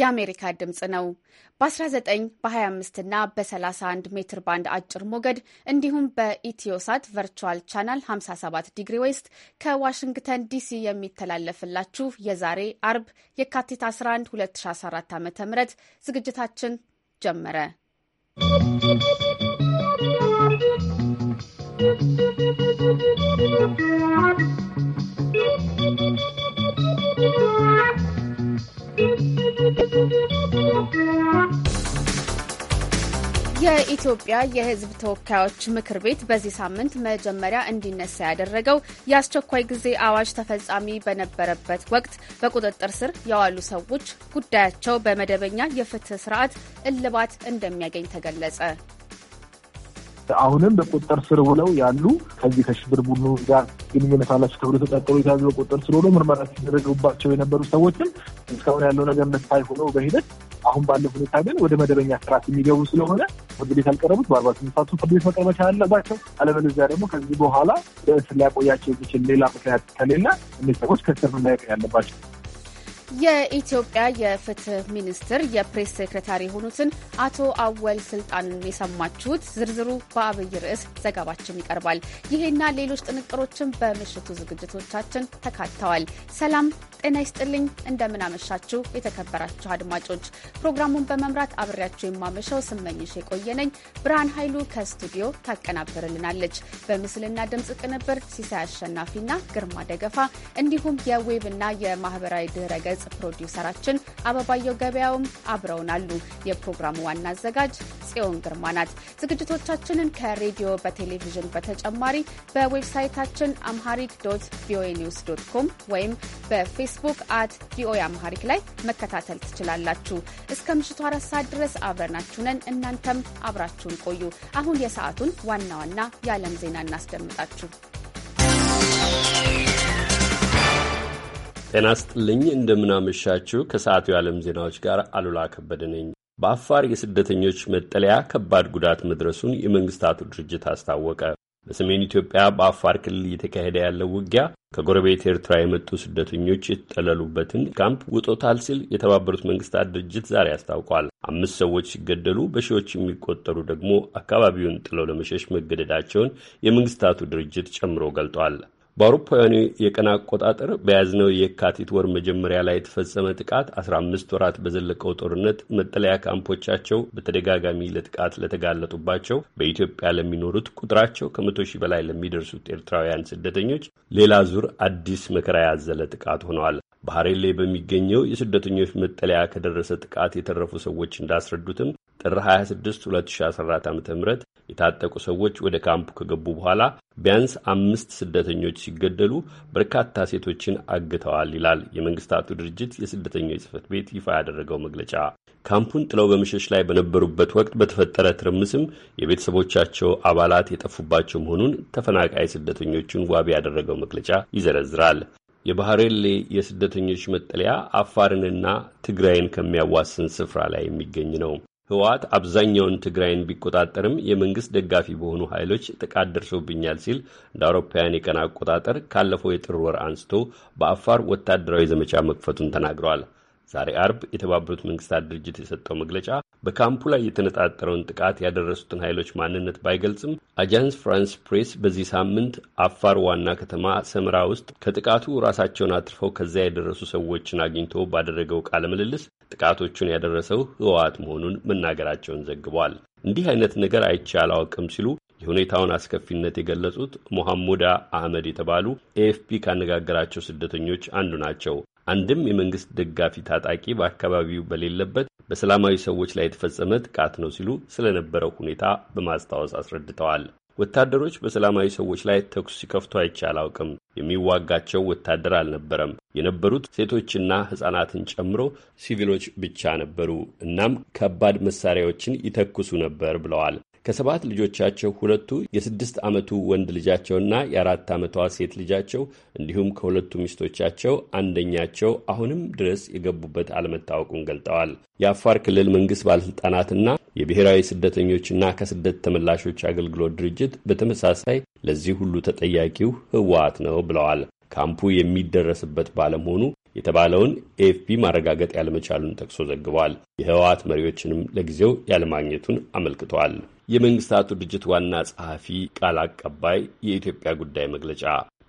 የአሜሪካ ድምፅ ነው። በ19 በ25 እና በ31 ሜትር ባንድ አጭር ሞገድ እንዲሁም በኢትዮሳት ቨርቹዋል ቻናል 57 ዲግሪ ዌስት ከዋሽንግተን ዲሲ የሚተላለፍላችሁ የዛሬ አርብ የካቲት 11 2014 ዓ ም ዝግጅታችን ጀመረ። ¶¶ የኢትዮጵያ የሕዝብ ተወካዮች ምክር ቤት በዚህ ሳምንት መጀመሪያ እንዲነሳ ያደረገው የአስቸኳይ ጊዜ አዋጅ ተፈጻሚ በነበረበት ወቅት በቁጥጥር ስር የዋሉ ሰዎች ጉዳያቸው በመደበኛ የፍትህ ስርዓት እልባት እንደሚያገኝ ተገለጸ። አሁንም በቁጥጥር ስር ውለው ያሉ ከዚህ ከሽብር ቡድኑ ጋር ግንኙነት አላቸው ተብሎ ተጠርጥረው የተያዙ በቁጥጥር ስር ውለው ምርመራ ሲደረግባቸው የነበሩ ሰዎችም እስካሁን ያለው ነገር መታይ ሆኖ በሂደት አሁን ባለው ሁኔታ ግን ወደ መደበኛ ስርዓት የሚገቡ ስለሆነ ፍርድ ቤት ያልቀረቡት በአርባ ስምንት ፍርድ ቤት መቅረብ መቻል አለባቸው። አለበለዚያ ደግሞ ከዚህ በኋላ በእስር ሊያቆያቸው የሚችል ሌላ ምክንያት ከሌለ እነዚህ ሰዎች ከእስር መለቀቅ ያለባቸው የኢትዮጵያ የፍትህ ሚኒስትር የፕሬስ ሴክሬታሪ የሆኑትን አቶ አወል ስልጣንን የሰማችሁት። ዝርዝሩ በአብይ ርዕስ ዘገባችን ይቀርባል። ይሄና ሌሎች ጥንቅሮችን በምሽቱ ዝግጅቶቻችን ተካተዋል። ሰላም ጤና ይስጥልኝ። እንደምናመሻችሁ የተከበራችሁ አድማጮች፣ ፕሮግራሙን በመምራት አብሬያችሁ የማመሻው ስመኝሽ የቆየነኝ። ብርሃን ኃይሉ ከስቱዲዮ ታቀናብርልናለች። በምስልና ድምፅ ቅንብር ሲሳይ አሸናፊና ግርማ ደገፋ እንዲሁም የዌብና የማህበራዊ ድህረ ገጽ ፕሮዲውሰራችን አበባየው ገበያውም አብረውን አሉ። የፕሮግራሙ ዋና አዘጋጅ ጽዮን ግርማ ናት። ዝግጅቶቻችንን ከሬዲዮ በቴሌቪዥን በተጨማሪ በዌብሳይታችን አምሃሪክ ዶት ቪኦኤ ኒውስ ዶት ኮም ወይም በፌስቡክ አት ቪኦኤ አምሃሪክ ላይ መከታተል ትችላላችሁ። እስከ ምሽቱ አራት ሰዓት ድረስ አብረናችሁ ነን። እናንተም አብራችሁን ቆዩ። አሁን የሰዓቱን ዋና ዋና የዓለም ዜና እናስደምጣችሁ። ጤና ስጥልኝ። እንደምናመሻችሁ ከሰዓቱ የዓለም ዜናዎች ጋር አሉላ ከበደ ነኝ። በአፋር የስደተኞች መጠለያ ከባድ ጉዳት መድረሱን የመንግስታቱ ድርጅት አስታወቀ። በሰሜን ኢትዮጵያ በአፋር ክልል እየተካሄደ ያለው ውጊያ ከጎረቤት ኤርትራ የመጡ ስደተኞች የተጠለሉበትን ካምፕ ውጦታል ሲል የተባበሩት መንግስታት ድርጅት ዛሬ አስታውቋል። አምስት ሰዎች ሲገደሉ በሺዎች የሚቆጠሩ ደግሞ አካባቢውን ጥለው ለመሸሽ መገደዳቸውን የመንግስታቱ ድርጅት ጨምሮ ገልጧል። በአውሮፓውያኑ የቀን አቆጣጠር በያዝነው የካቲት ወር መጀመሪያ ላይ የተፈጸመ ጥቃት 15 ወራት በዘለቀው ጦርነት መጠለያ ካምፖቻቸው በተደጋጋሚ ለጥቃት ለተጋለጡባቸው በኢትዮጵያ ለሚኖሩት ቁጥራቸው ከመቶ ሺህ በላይ ለሚደርሱት ኤርትራውያን ስደተኞች ሌላ ዙር አዲስ መከራ ያዘለ ጥቃት ሆነዋል። ባህሬን ላይ በሚገኘው የስደተኞች መጠለያ ከደረሰ ጥቃት የተረፉ ሰዎች እንዳስረዱትም ጥር 26 2014 ዓ ም የታጠቁ ሰዎች ወደ ካምፑ ከገቡ በኋላ ቢያንስ አምስት ስደተኞች ሲገደሉ በርካታ ሴቶችን አግተዋል ይላል የመንግስታቱ ድርጅት የስደተኞች ጽህፈት ቤት ይፋ ያደረገው መግለጫ። ካምፑን ጥለው በመሸሽ ላይ በነበሩበት ወቅት በተፈጠረ ትርምስም የቤተሰቦቻቸው አባላት የጠፉባቸው መሆኑን ተፈናቃይ ስደተኞቹን ዋቢ ያደረገው መግለጫ ይዘረዝራል። የባህሬሌ የስደተኞች መጠለያ አፋርንና ትግራይን ከሚያዋስን ስፍራ ላይ የሚገኝ ነው። ህወሓት አብዛኛውን ትግራይን ቢቆጣጠርም የመንግስት ደጋፊ በሆኑ ኃይሎች ጥቃት ደርሶብኛል ሲል እንደ አውሮፓውያን የቀን አቆጣጠር ካለፈው የጥር ወር አንስቶ በአፋር ወታደራዊ ዘመቻ መክፈቱን ተናግረዋል። ዛሬ አርብ የተባበሩት መንግስታት ድርጅት የሰጠው መግለጫ በካምፑ ላይ የተነጣጠረውን ጥቃት ያደረሱትን ኃይሎች ማንነት ባይገልጽም አጃንስ ፍራንስ ፕሬስ በዚህ ሳምንት አፋር ዋና ከተማ ሰመራ ውስጥ ከጥቃቱ ራሳቸውን አትርፈው ከዚያ የደረሱ ሰዎችን አግኝቶ ባደረገው ቃለ ምልልስ ጥቃቶቹን ያደረሰው ህወሓት መሆኑን መናገራቸውን ዘግቧል። እንዲህ አይነት ነገር አይቼ አላውቅም ሲሉ የሁኔታውን አስከፊነት የገለጹት ሞሐሙዳ አህመድ የተባሉ ኤኤፍፒ ካነጋገራቸው ስደተኞች አንዱ ናቸው። አንድም የመንግስት ደጋፊ ታጣቂ በአካባቢው በሌለበት በሰላማዊ ሰዎች ላይ የተፈጸመ ጥቃት ነው ሲሉ ስለነበረው ሁኔታ በማስታወስ አስረድተዋል። ወታደሮች በሰላማዊ ሰዎች ላይ ተኩስ ሲከፍቱ አይቼ አላውቅም። የሚዋጋቸው ወታደር አልነበረም። የነበሩት ሴቶችና ሕፃናትን ጨምሮ ሲቪሎች ብቻ ነበሩ። እናም ከባድ መሳሪያዎችን ይተኩሱ ነበር ብለዋል። ከሰባት ልጆቻቸው ሁለቱ የስድስት ዓመቱ ወንድ ልጃቸውና የአራት ዓመቷ ሴት ልጃቸው እንዲሁም ከሁለቱ ሚስቶቻቸው አንደኛቸው አሁንም ድረስ የገቡበት አለመታወቁን ገልጠዋል። የአፋር ክልል መንግሥት ባለሥልጣናትና የብሔራዊ ስደተኞችና ከስደት ተመላሾች አገልግሎት ድርጅት በተመሳሳይ ለዚህ ሁሉ ተጠያቂው ህወሓት ነው ብለዋል። ካምፑ የሚደረስበት ባለመሆኑ የተባለውን ኤኤፍፒ ማረጋገጥ ያለመቻሉን ጠቅሶ ዘግቧል። የህወሓት መሪዎችንም ለጊዜው ያለማግኘቱን አመልክቷል። የመንግስታቱ ድርጅት ዋና ጸሐፊ ቃል አቀባይ የኢትዮጵያ ጉዳይ መግለጫ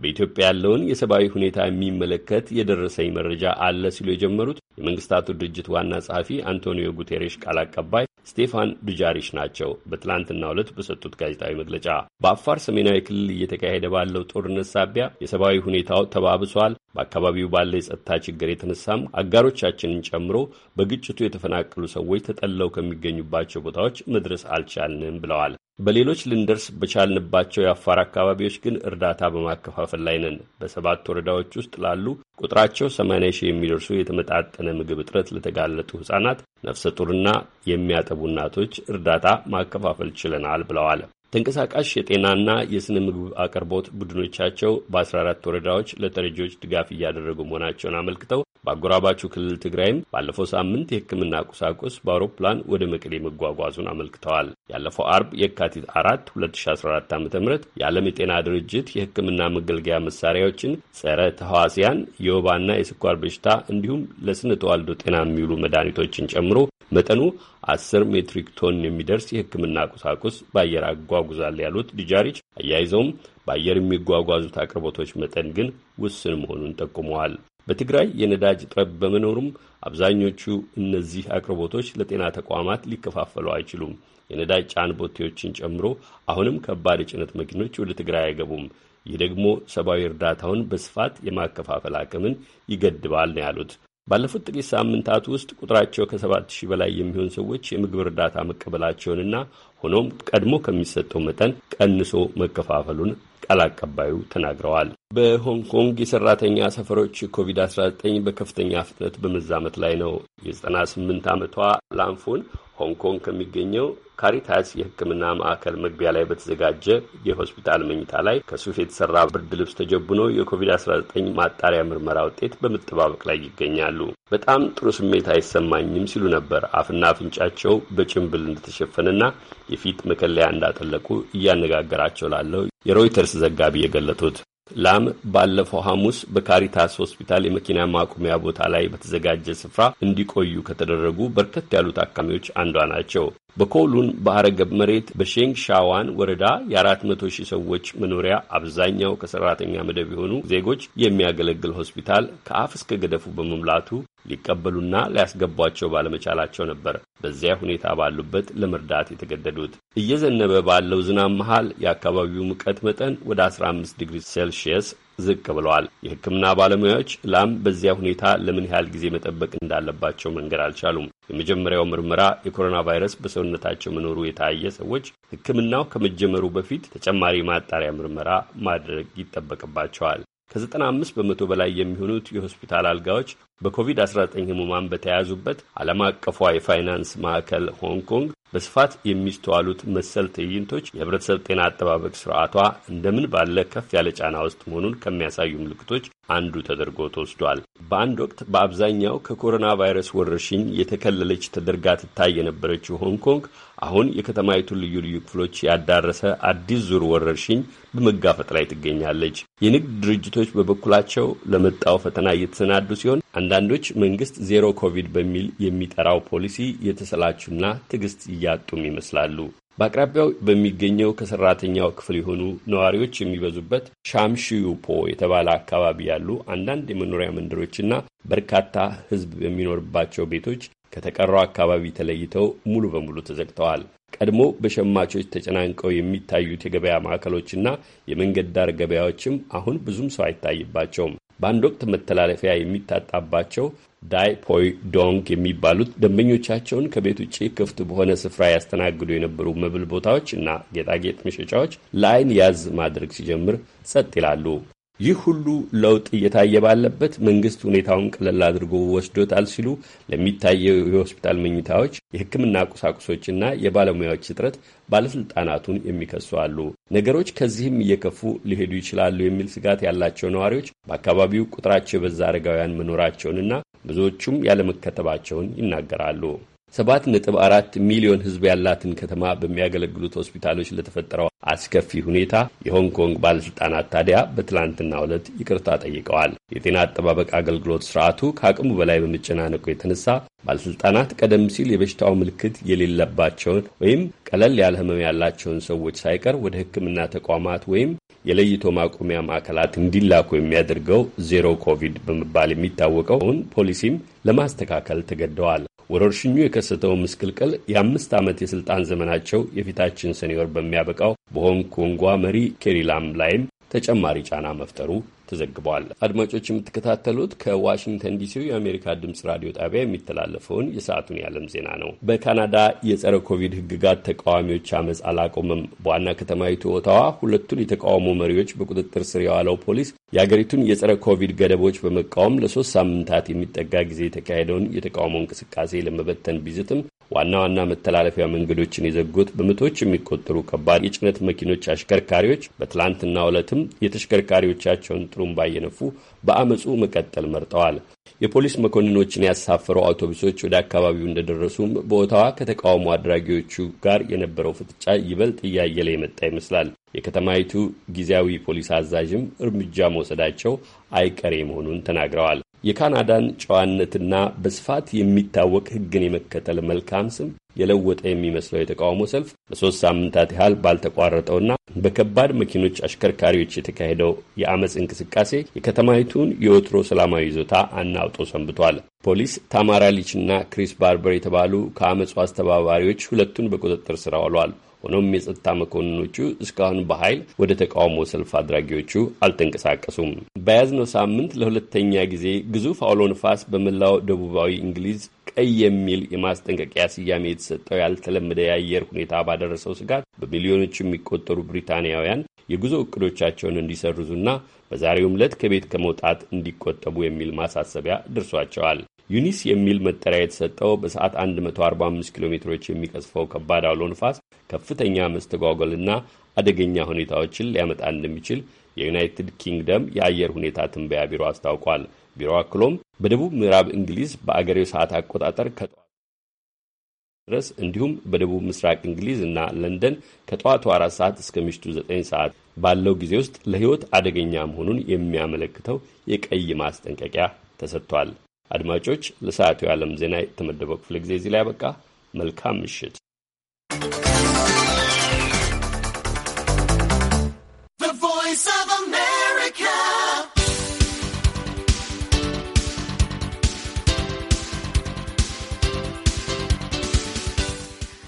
በኢትዮጵያ ያለውን የሰብአዊ ሁኔታ የሚመለከት የደረሰኝ መረጃ አለ ሲሉ የጀመሩት የመንግስታቱ ድርጅት ዋና ጸሐፊ አንቶኒዮ ጉቴሬሽ ቃል አቀባይ ስቴፋን ዱጃሪሽ ናቸው። በትላንትናው ዕለት በሰጡት ጋዜጣዊ መግለጫ በአፋር ሰሜናዊ ክልል እየተካሄደ ባለው ጦርነት ሳቢያ የሰብአዊ ሁኔታው ተባብሷል። በአካባቢው ባለ የጸጥታ ችግር የተነሳም አጋሮቻችንን ጨምሮ በግጭቱ የተፈናቀሉ ሰዎች ተጠለው ከሚገኙባቸው ቦታዎች መድረስ አልቻልንም ብለዋል። በሌሎች ልንደርስ በቻልንባቸው የአፋር አካባቢዎች ግን እርዳታ በማከፋፈል ላይ ነን። በሰባት ወረዳዎች ውስጥ ላሉ ቁጥራቸው 80 ሺህ የሚደርሱ የተመጣጠነ ምግብ እጥረት ለተጋለጡ ሕጻናት፣ ነፍሰ ጡርና የሚያጠቡ እናቶች እርዳታ ማከፋፈል ችለናል ብለዋል። ተንቀሳቃሽ የጤናና የሥነ ምግብ አቅርቦት ቡድኖቻቸው በ14 ወረዳዎች ለተረጂዎች ድጋፍ እያደረጉ መሆናቸውን አመልክተው በአጎራባቹ ክልል ትግራይም ባለፈው ሳምንት የሕክምና ቁሳቁስ በአውሮፕላን ወደ መቀሌ መጓጓዙን አመልክተዋል። ያለፈው አርብ የካቲት አራት 2014 ዓ ም የዓለም የጤና ድርጅት የሕክምና መገልገያ መሳሪያዎችን፣ ጸረ ተህዋሲያን፣ የወባና የስኳር በሽታ እንዲሁም ለስነ ተዋልዶ ጤና የሚውሉ መድኃኒቶችን ጨምሮ መጠኑ አስር ሜትሪክ ቶን የሚደርስ የሕክምና ቁሳቁስ በአየር አጓጉዛል ያሉት ዲጃሪች አያይዘውም በአየር የሚጓጓዙት አቅርቦቶች መጠን ግን ውስን መሆኑን ጠቁመዋል። በትግራይ የነዳጅ እጥረት በመኖሩም አብዛኞቹ እነዚህ አቅርቦቶች ለጤና ተቋማት ሊከፋፈሉ አይችሉም። የነዳጅ ጫን ቦቴዎችን ጨምሮ አሁንም ከባድ የጭነት መኪኖች ወደ ትግራይ አይገቡም። ይህ ደግሞ ሰብአዊ እርዳታውን በስፋት የማከፋፈል አቅምን ይገድባል ነው ያሉት። ባለፉት ጥቂት ሳምንታት ውስጥ ቁጥራቸው ከሰባት ሺህ በላይ የሚሆን ሰዎች የምግብ እርዳታ መቀበላቸውንና ሆኖም ቀድሞ ከሚሰጠው መጠን ቀንሶ መከፋፈሉን ቃል አቀባዩ ተናግረዋል። በሆንግ ኮንግ የሰራተኛ ሰፈሮች ኮቪድ-19 በከፍተኛ ፍጥነት በመዛመት ላይ ነው። የ98 ዓመቷ ላንፎን ሆንግ ኮንግ ከሚገኘው ካሪታስ የሕክምና ማዕከል መግቢያ ላይ በተዘጋጀ የሆስፒታል መኝታ ላይ ከሱፍ የተሰራ ብርድ ልብስ ተጀቡኖ የኮቪድ-19 ማጣሪያ ምርመራ ውጤት በመጠባበቅ ላይ ይገኛሉ። በጣም ጥሩ ስሜት አይሰማኝም ሲሉ ነበር አፍና አፍንጫቸው በጭንብል እንደተሸፈነና የፊት መከለያ እንዳጠለቁ እያነጋገራቸው ላለው የሮይተርስ ዘጋቢ የገለጡት። ላም ባለፈው ሐሙስ በካሪታስ ሆስፒታል የመኪና ማቆሚያ ቦታ ላይ በተዘጋጀ ስፍራ እንዲቆዩ ከተደረጉ በርከት ያሉ ታካሚዎች አንዷ ናቸው። በኮሉን በአረገብ መሬት በሼንግ ሻዋን ወረዳ የ400 ሺህ ሰዎች መኖሪያ አብዛኛው ከሰራተኛ መደብ የሆኑ ዜጎች የሚያገለግል ሆስፒታል ከአፍ እስከ ገደፉ በመሙላቱ ሊቀበሉና ሊያስገቧቸው ባለመቻላቸው ነበር በዚያ ሁኔታ ባሉበት ለመርዳት የተገደዱት። እየዘነበ ባለው ዝናብ መሃል የአካባቢው ሙቀት መጠን ወደ 15 ዲግሪ ሴልሺየስ ዝቅ ብለዋል። የሕክምና ባለሙያዎች ላም በዚያ ሁኔታ ለምን ያህል ጊዜ መጠበቅ እንዳለባቸው መንገድ አልቻሉም። የመጀመሪያው ምርመራ የኮሮና ቫይረስ በሰውነታቸው መኖሩ የታየ ሰዎች ሕክምናው ከመጀመሩ በፊት ተጨማሪ ማጣሪያ ምርመራ ማድረግ ይጠበቅባቸዋል። ከ95 በመቶ በላይ የሚሆኑት የሆስፒታል አልጋዎች በኮቪድ-19 ህሙማን በተያያዙበት ዓለም አቀፏ የፋይናንስ ማዕከል ሆንግ ኮንግ በስፋት የሚስተዋሉት መሰል ትዕይንቶች የህብረተሰብ ጤና አጠባበቅ ስርዓቷ እንደምን ባለ ከፍ ያለ ጫና ውስጥ መሆኑን ከሚያሳዩ ምልክቶች አንዱ ተደርጎ ተወስዷል። በአንድ ወቅት በአብዛኛው ከኮሮና ቫይረስ ወረርሽኝ የተከለለች ተደርጋ ትታይ የነበረችው ሆንግ ኮንግ አሁን የከተማይቱን ልዩ ልዩ ክፍሎች ያዳረሰ አዲስ ዙር ወረርሽኝ በመጋፈጥ ላይ ትገኛለች። የንግድ ድርጅቶች በበኩላቸው ለመጣው ፈተና እየተሰናዱ ሲሆን አንዳንዶች መንግስት ዜሮ ኮቪድ በሚል የሚጠራው ፖሊሲ የተሰላቹና ትዕግስት እያጡም ይመስላሉ። በአቅራቢያው በሚገኘው ከሰራተኛው ክፍል የሆኑ ነዋሪዎች የሚበዙበት ሻምሽዩፖ የተባለ አካባቢ ያሉ አንዳንድ የመኖሪያ መንደሮችና በርካታ ሕዝብ የሚኖርባቸው ቤቶች ከተቀረው አካባቢ ተለይተው ሙሉ በሙሉ ተዘግተዋል። ቀድሞ በሸማቾች ተጨናንቀው የሚታዩት የገበያ ማዕከሎችና የመንገድ ዳር ገበያዎችም አሁን ብዙም ሰው አይታይባቸውም። በአንድ ወቅት መተላለፊያ የሚታጣባቸው ዳይ ፖይ ዶንግ የሚባሉት ደንበኞቻቸውን ከቤት ውጭ ክፍት በሆነ ስፍራ ያስተናግዱ የነበሩ መብል ቦታዎች እና ጌጣጌጥ መሸጫዎች ለአይን ያዝ ማድረግ ሲጀምር ጸጥ ይላሉ። ይህ ሁሉ ለውጥ እየታየ ባለበት መንግስት ሁኔታውን ቀለል አድርጎ ወስዶታል ሲሉ ለሚታየው የሆስፒታል መኝታዎች፣ የሕክምና ቁሳቁሶችና የባለሙያዎች እጥረት ባለስልጣናቱን የሚከሱ አሉ። ነገሮች ከዚህም እየከፉ ሊሄዱ ይችላሉ የሚል ስጋት ያላቸው ነዋሪዎች በአካባቢው ቁጥራቸው የበዛ አረጋውያን መኖራቸውንና ብዙዎቹም ያለመከተባቸውን ይናገራሉ። ሰባት ነጥብ አራት ሚሊዮን ህዝብ ያላትን ከተማ በሚያገለግሉት ሆስፒታሎች ለተፈጠረው አስከፊ ሁኔታ የሆንግ ኮንግ ባለሥልጣናት ታዲያ በትላንትና ዕለት ይቅርታ ጠይቀዋል። የጤና አጠባበቅ አገልግሎት ስርዓቱ ከአቅሙ በላይ በመጨናነቁ የተነሳ ባለሥልጣናት ቀደም ሲል የበሽታው ምልክት የሌለባቸውን ወይም ቀለል ያለ ህመም ያላቸውን ሰዎች ሳይቀር ወደ ሕክምና ተቋማት ወይም የለይቶ ማቆሚያ ማዕከላት እንዲላኩ የሚያደርገው ዜሮ ኮቪድ በመባል የሚታወቀውን ፖሊሲም ለማስተካከል ተገደዋል። ወረርሽኙ የከሰተው ምስቅልቅል የአምስት ዓመት የሥልጣን ዘመናቸው የፊታችን ሰኒዮር በሚያበቃው በሆንግ ኮንጓ መሪ ኬሪላም ላይም ተጨማሪ ጫና መፍጠሩ ተዘግቧል። አድማጮች የምትከታተሉት ከዋሽንግተን ዲሲው የአሜሪካ ድምፅ ራዲዮ ጣቢያ የሚተላለፈውን የሰዓቱን የዓለም ዜና ነው። በካናዳ የጸረ ኮቪድ ሕግጋት ተቃዋሚዎች አመፅ አላቆምም። በዋና ከተማይቱ ኦታዋ ሁለቱን የተቃውሞ መሪዎች በቁጥጥር ስር የዋለው ፖሊስ የአገሪቱን የጸረ ኮቪድ ገደቦች በመቃወም ለሶስት ሳምንታት የሚጠጋ ጊዜ የተካሄደውን የተቃውሞ እንቅስቃሴ ለመበተን ቢዝትም ዋና ዋና መተላለፊያ መንገዶችን የዘጉት በመቶዎች የሚቆጠሩ ከባድ የጭነት መኪኖች አሽከርካሪዎች በትላንትና ዕለትም የተሽከርካሪዎቻቸውን ጥሩምባ እየነፉ በአመፁ መቀጠል መርጠዋል። የፖሊስ መኮንኖችን ያሳፈሩ አውቶቡሶች ወደ አካባቢው እንደደረሱም በቦታዋ ከተቃውሞ አድራጊዎቹ ጋር የነበረው ፍጥጫ ይበልጥ እያየለ የመጣ ይመስላል። የከተማይቱ ጊዜያዊ ፖሊስ አዛዥም እርምጃ መውሰዳቸው አይቀሬ መሆኑን ተናግረዋል። የካናዳን ጨዋነትና በስፋት የሚታወቅ ሕግን የመከተል መልካም ስም የለወጠ የሚመስለው የተቃውሞ ሰልፍ ለሶስት ሳምንታት ያህል ባልተቋረጠውና በከባድ መኪኖች አሽከርካሪዎች የተካሄደው የአመፅ እንቅስቃሴ የከተማይቱን የወትሮ ሰላማዊ ይዞታ አናውጦ ሰንብቷል። ፖሊስ ታማራ ሊችና ክሪስ ባርበር የተባሉ ከአመፁ አስተባባሪዎች ሁለቱን በቁጥጥር ስር አውሏል። ሆኖም የጸጥታ መኮንኖቹ እስካሁን በኃይል ወደ ተቃውሞ ሰልፍ አድራጊዎቹ አልተንቀሳቀሱም። በያዝነው ሳምንት ለሁለተኛ ጊዜ ግዙፍ አውሎ ንፋስ በመላው ደቡባዊ እንግሊዝ ቀይ የሚል የማስጠንቀቂያ ስያሜ የተሰጠው ያልተለመደ የአየር ሁኔታ ባደረሰው ስጋት በሚሊዮኖች የሚቆጠሩ ብሪታንያውያን የጉዞ እቅዶቻቸውን እንዲሰርዙና በዛሬውም ዕለት ከቤት ከመውጣት እንዲቆጠቡ የሚል ማሳሰቢያ ደርሷቸዋል። ዩኒስ የሚል መጠሪያ የተሰጠው በሰዓት 145 ኪሎ ሜትሮች የሚቀዝፈው ከባድ አውሎ ንፋስ ከፍተኛ መስተጓጎልና አደገኛ ሁኔታዎችን ሊያመጣ እንደሚችል የዩናይትድ ኪንግደም የአየር ሁኔታ ትንበያ ቢሮ አስታውቋል። ቢሮ አክሎም በደቡብ ምዕራብ እንግሊዝ በአገሬው ሰዓት አቆጣጠር ከጠዋት ድረስ እንዲሁም በደቡብ ምስራቅ እንግሊዝ እና ለንደን ከጠዋቱ አራት ሰዓት እስከ ምሽቱ ዘጠኝ ሰዓት ባለው ጊዜ ውስጥ ለሕይወት አደገኛ መሆኑን የሚያመለክተው የቀይ ማስጠንቀቂያ ተሰጥቷል። አድማጮች፣ ለሰዓቱ የዓለም ዜና የተመደበው ክፍለ ጊዜ እዚህ ላይ ያበቃ። መልካም ምሽት።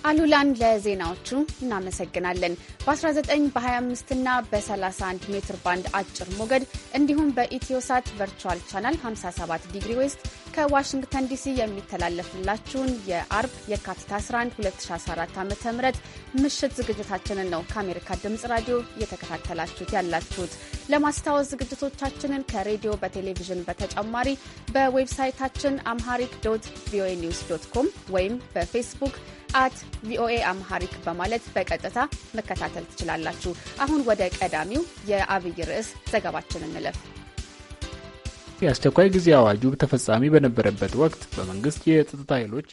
አሉላን ለዜናዎቹ እናመሰግናለን። በ19 በ25 እና በ31 ሜትር ባንድ አጭር ሞገድ እንዲሁም በኢትዮሳት ቨርቹዋል ቻናል 57 ዲግሪ ዌስት ከዋሽንግተን ዲሲ የሚተላለፍላችሁን የአርብ የካቲት 11 2014 ዓ ም ምሽት ዝግጅታችንን ነው ከአሜሪካ ድምፅ ራዲዮ እየተከታተላችሁት ያላችሁት። ለማስታወስ ዝግጅቶቻችንን ከሬዲዮ በቴሌቪዥን በተጨማሪ በዌብሳይታችን አምሃሪክ ዶት ቪኦኤ ኒውስ ዶት ኮም ወይም በፌስቡክ አት ቪኦኤ አምሃሪክ በማለት በቀጥታ መከታተል ትችላላችሁ። አሁን ወደ ቀዳሚው የአብይ ርዕስ ዘገባችን እንለፍ። የአስቸኳይ ጊዜ አዋጁ ተፈጻሚ በነበረበት ወቅት በመንግስት የጸጥታ ኃይሎች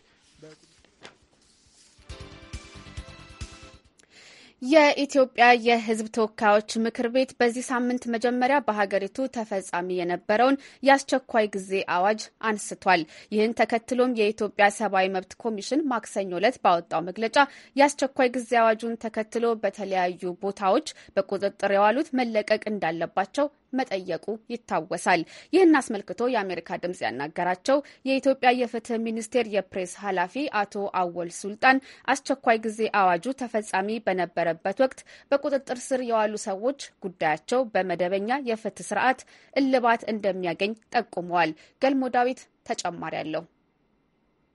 የኢትዮጵያ የሕዝብ ተወካዮች ምክር ቤት በዚህ ሳምንት መጀመሪያ በሀገሪቱ ተፈጻሚ የነበረውን የአስቸኳይ ጊዜ አዋጅ አንስቷል። ይህን ተከትሎም የኢትዮጵያ ሰብአዊ መብት ኮሚሽን ማክሰኞ ዕለት ባወጣው መግለጫ የአስቸኳይ ጊዜ አዋጁን ተከትሎ በተለያዩ ቦታዎች በቁጥጥር የዋሉት መለቀቅ እንዳለባቸው መጠየቁ ይታወሳል። ይህን አስመልክቶ የአሜሪካ ድምጽ ያናገራቸው የኢትዮጵያ የፍትህ ሚኒስቴር የፕሬስ ኃላፊ አቶ አወል ሱልጣን አስቸኳይ ጊዜ አዋጁ ተፈጻሚ በነበረበት ወቅት በቁጥጥር ስር የዋሉ ሰዎች ጉዳያቸው በመደበኛ የፍትህ ስርዓት እልባት እንደሚያገኝ ጠቁመዋል። ገልሞ ዳዊት ተጨማሪ አለው።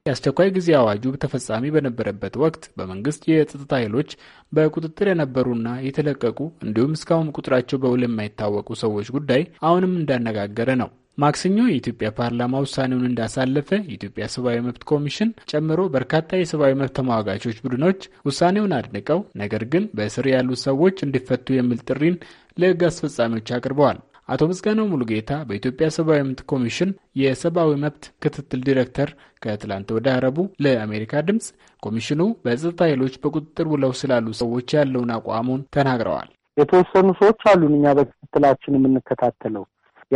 የአስቸኳይ ጊዜ አዋጁ ተፈጻሚ በነበረበት ወቅት በመንግስት የጸጥታ ኃይሎች በቁጥጥር የነበሩና የተለቀቁ እንዲሁም እስካሁን ቁጥራቸው በውል የማይታወቁ ሰዎች ጉዳይ አሁንም እንዳነጋገረ ነው። ማክሰኞ የኢትዮጵያ ፓርላማ ውሳኔውን እንዳሳለፈ የኢትዮጵያ ሰብአዊ መብት ኮሚሽን ጨምሮ በርካታ የሰብአዊ መብት ተሟጋቾች ቡድኖች ውሳኔውን አድንቀው ነገር ግን በእስር ያሉ ሰዎች እንዲፈቱ የሚል ጥሪን ለህግ አስፈጻሚዎች አቅርበዋል። አቶ ምስጋናው ሙሉጌታ በኢትዮጵያ ሰብአዊ መብት ኮሚሽን የሰብአዊ መብት ክትትል ዲሬክተር ከትላንት ወደ አረቡ ለአሜሪካ ድምፅ ኮሚሽኑ በጸጥታ ኃይሎች በቁጥጥር ውለው ስላሉ ሰዎች ያለውን አቋሙን ተናግረዋል። የተወሰኑ ሰዎች አሉን እኛ በክትትላችን የምንከታተለው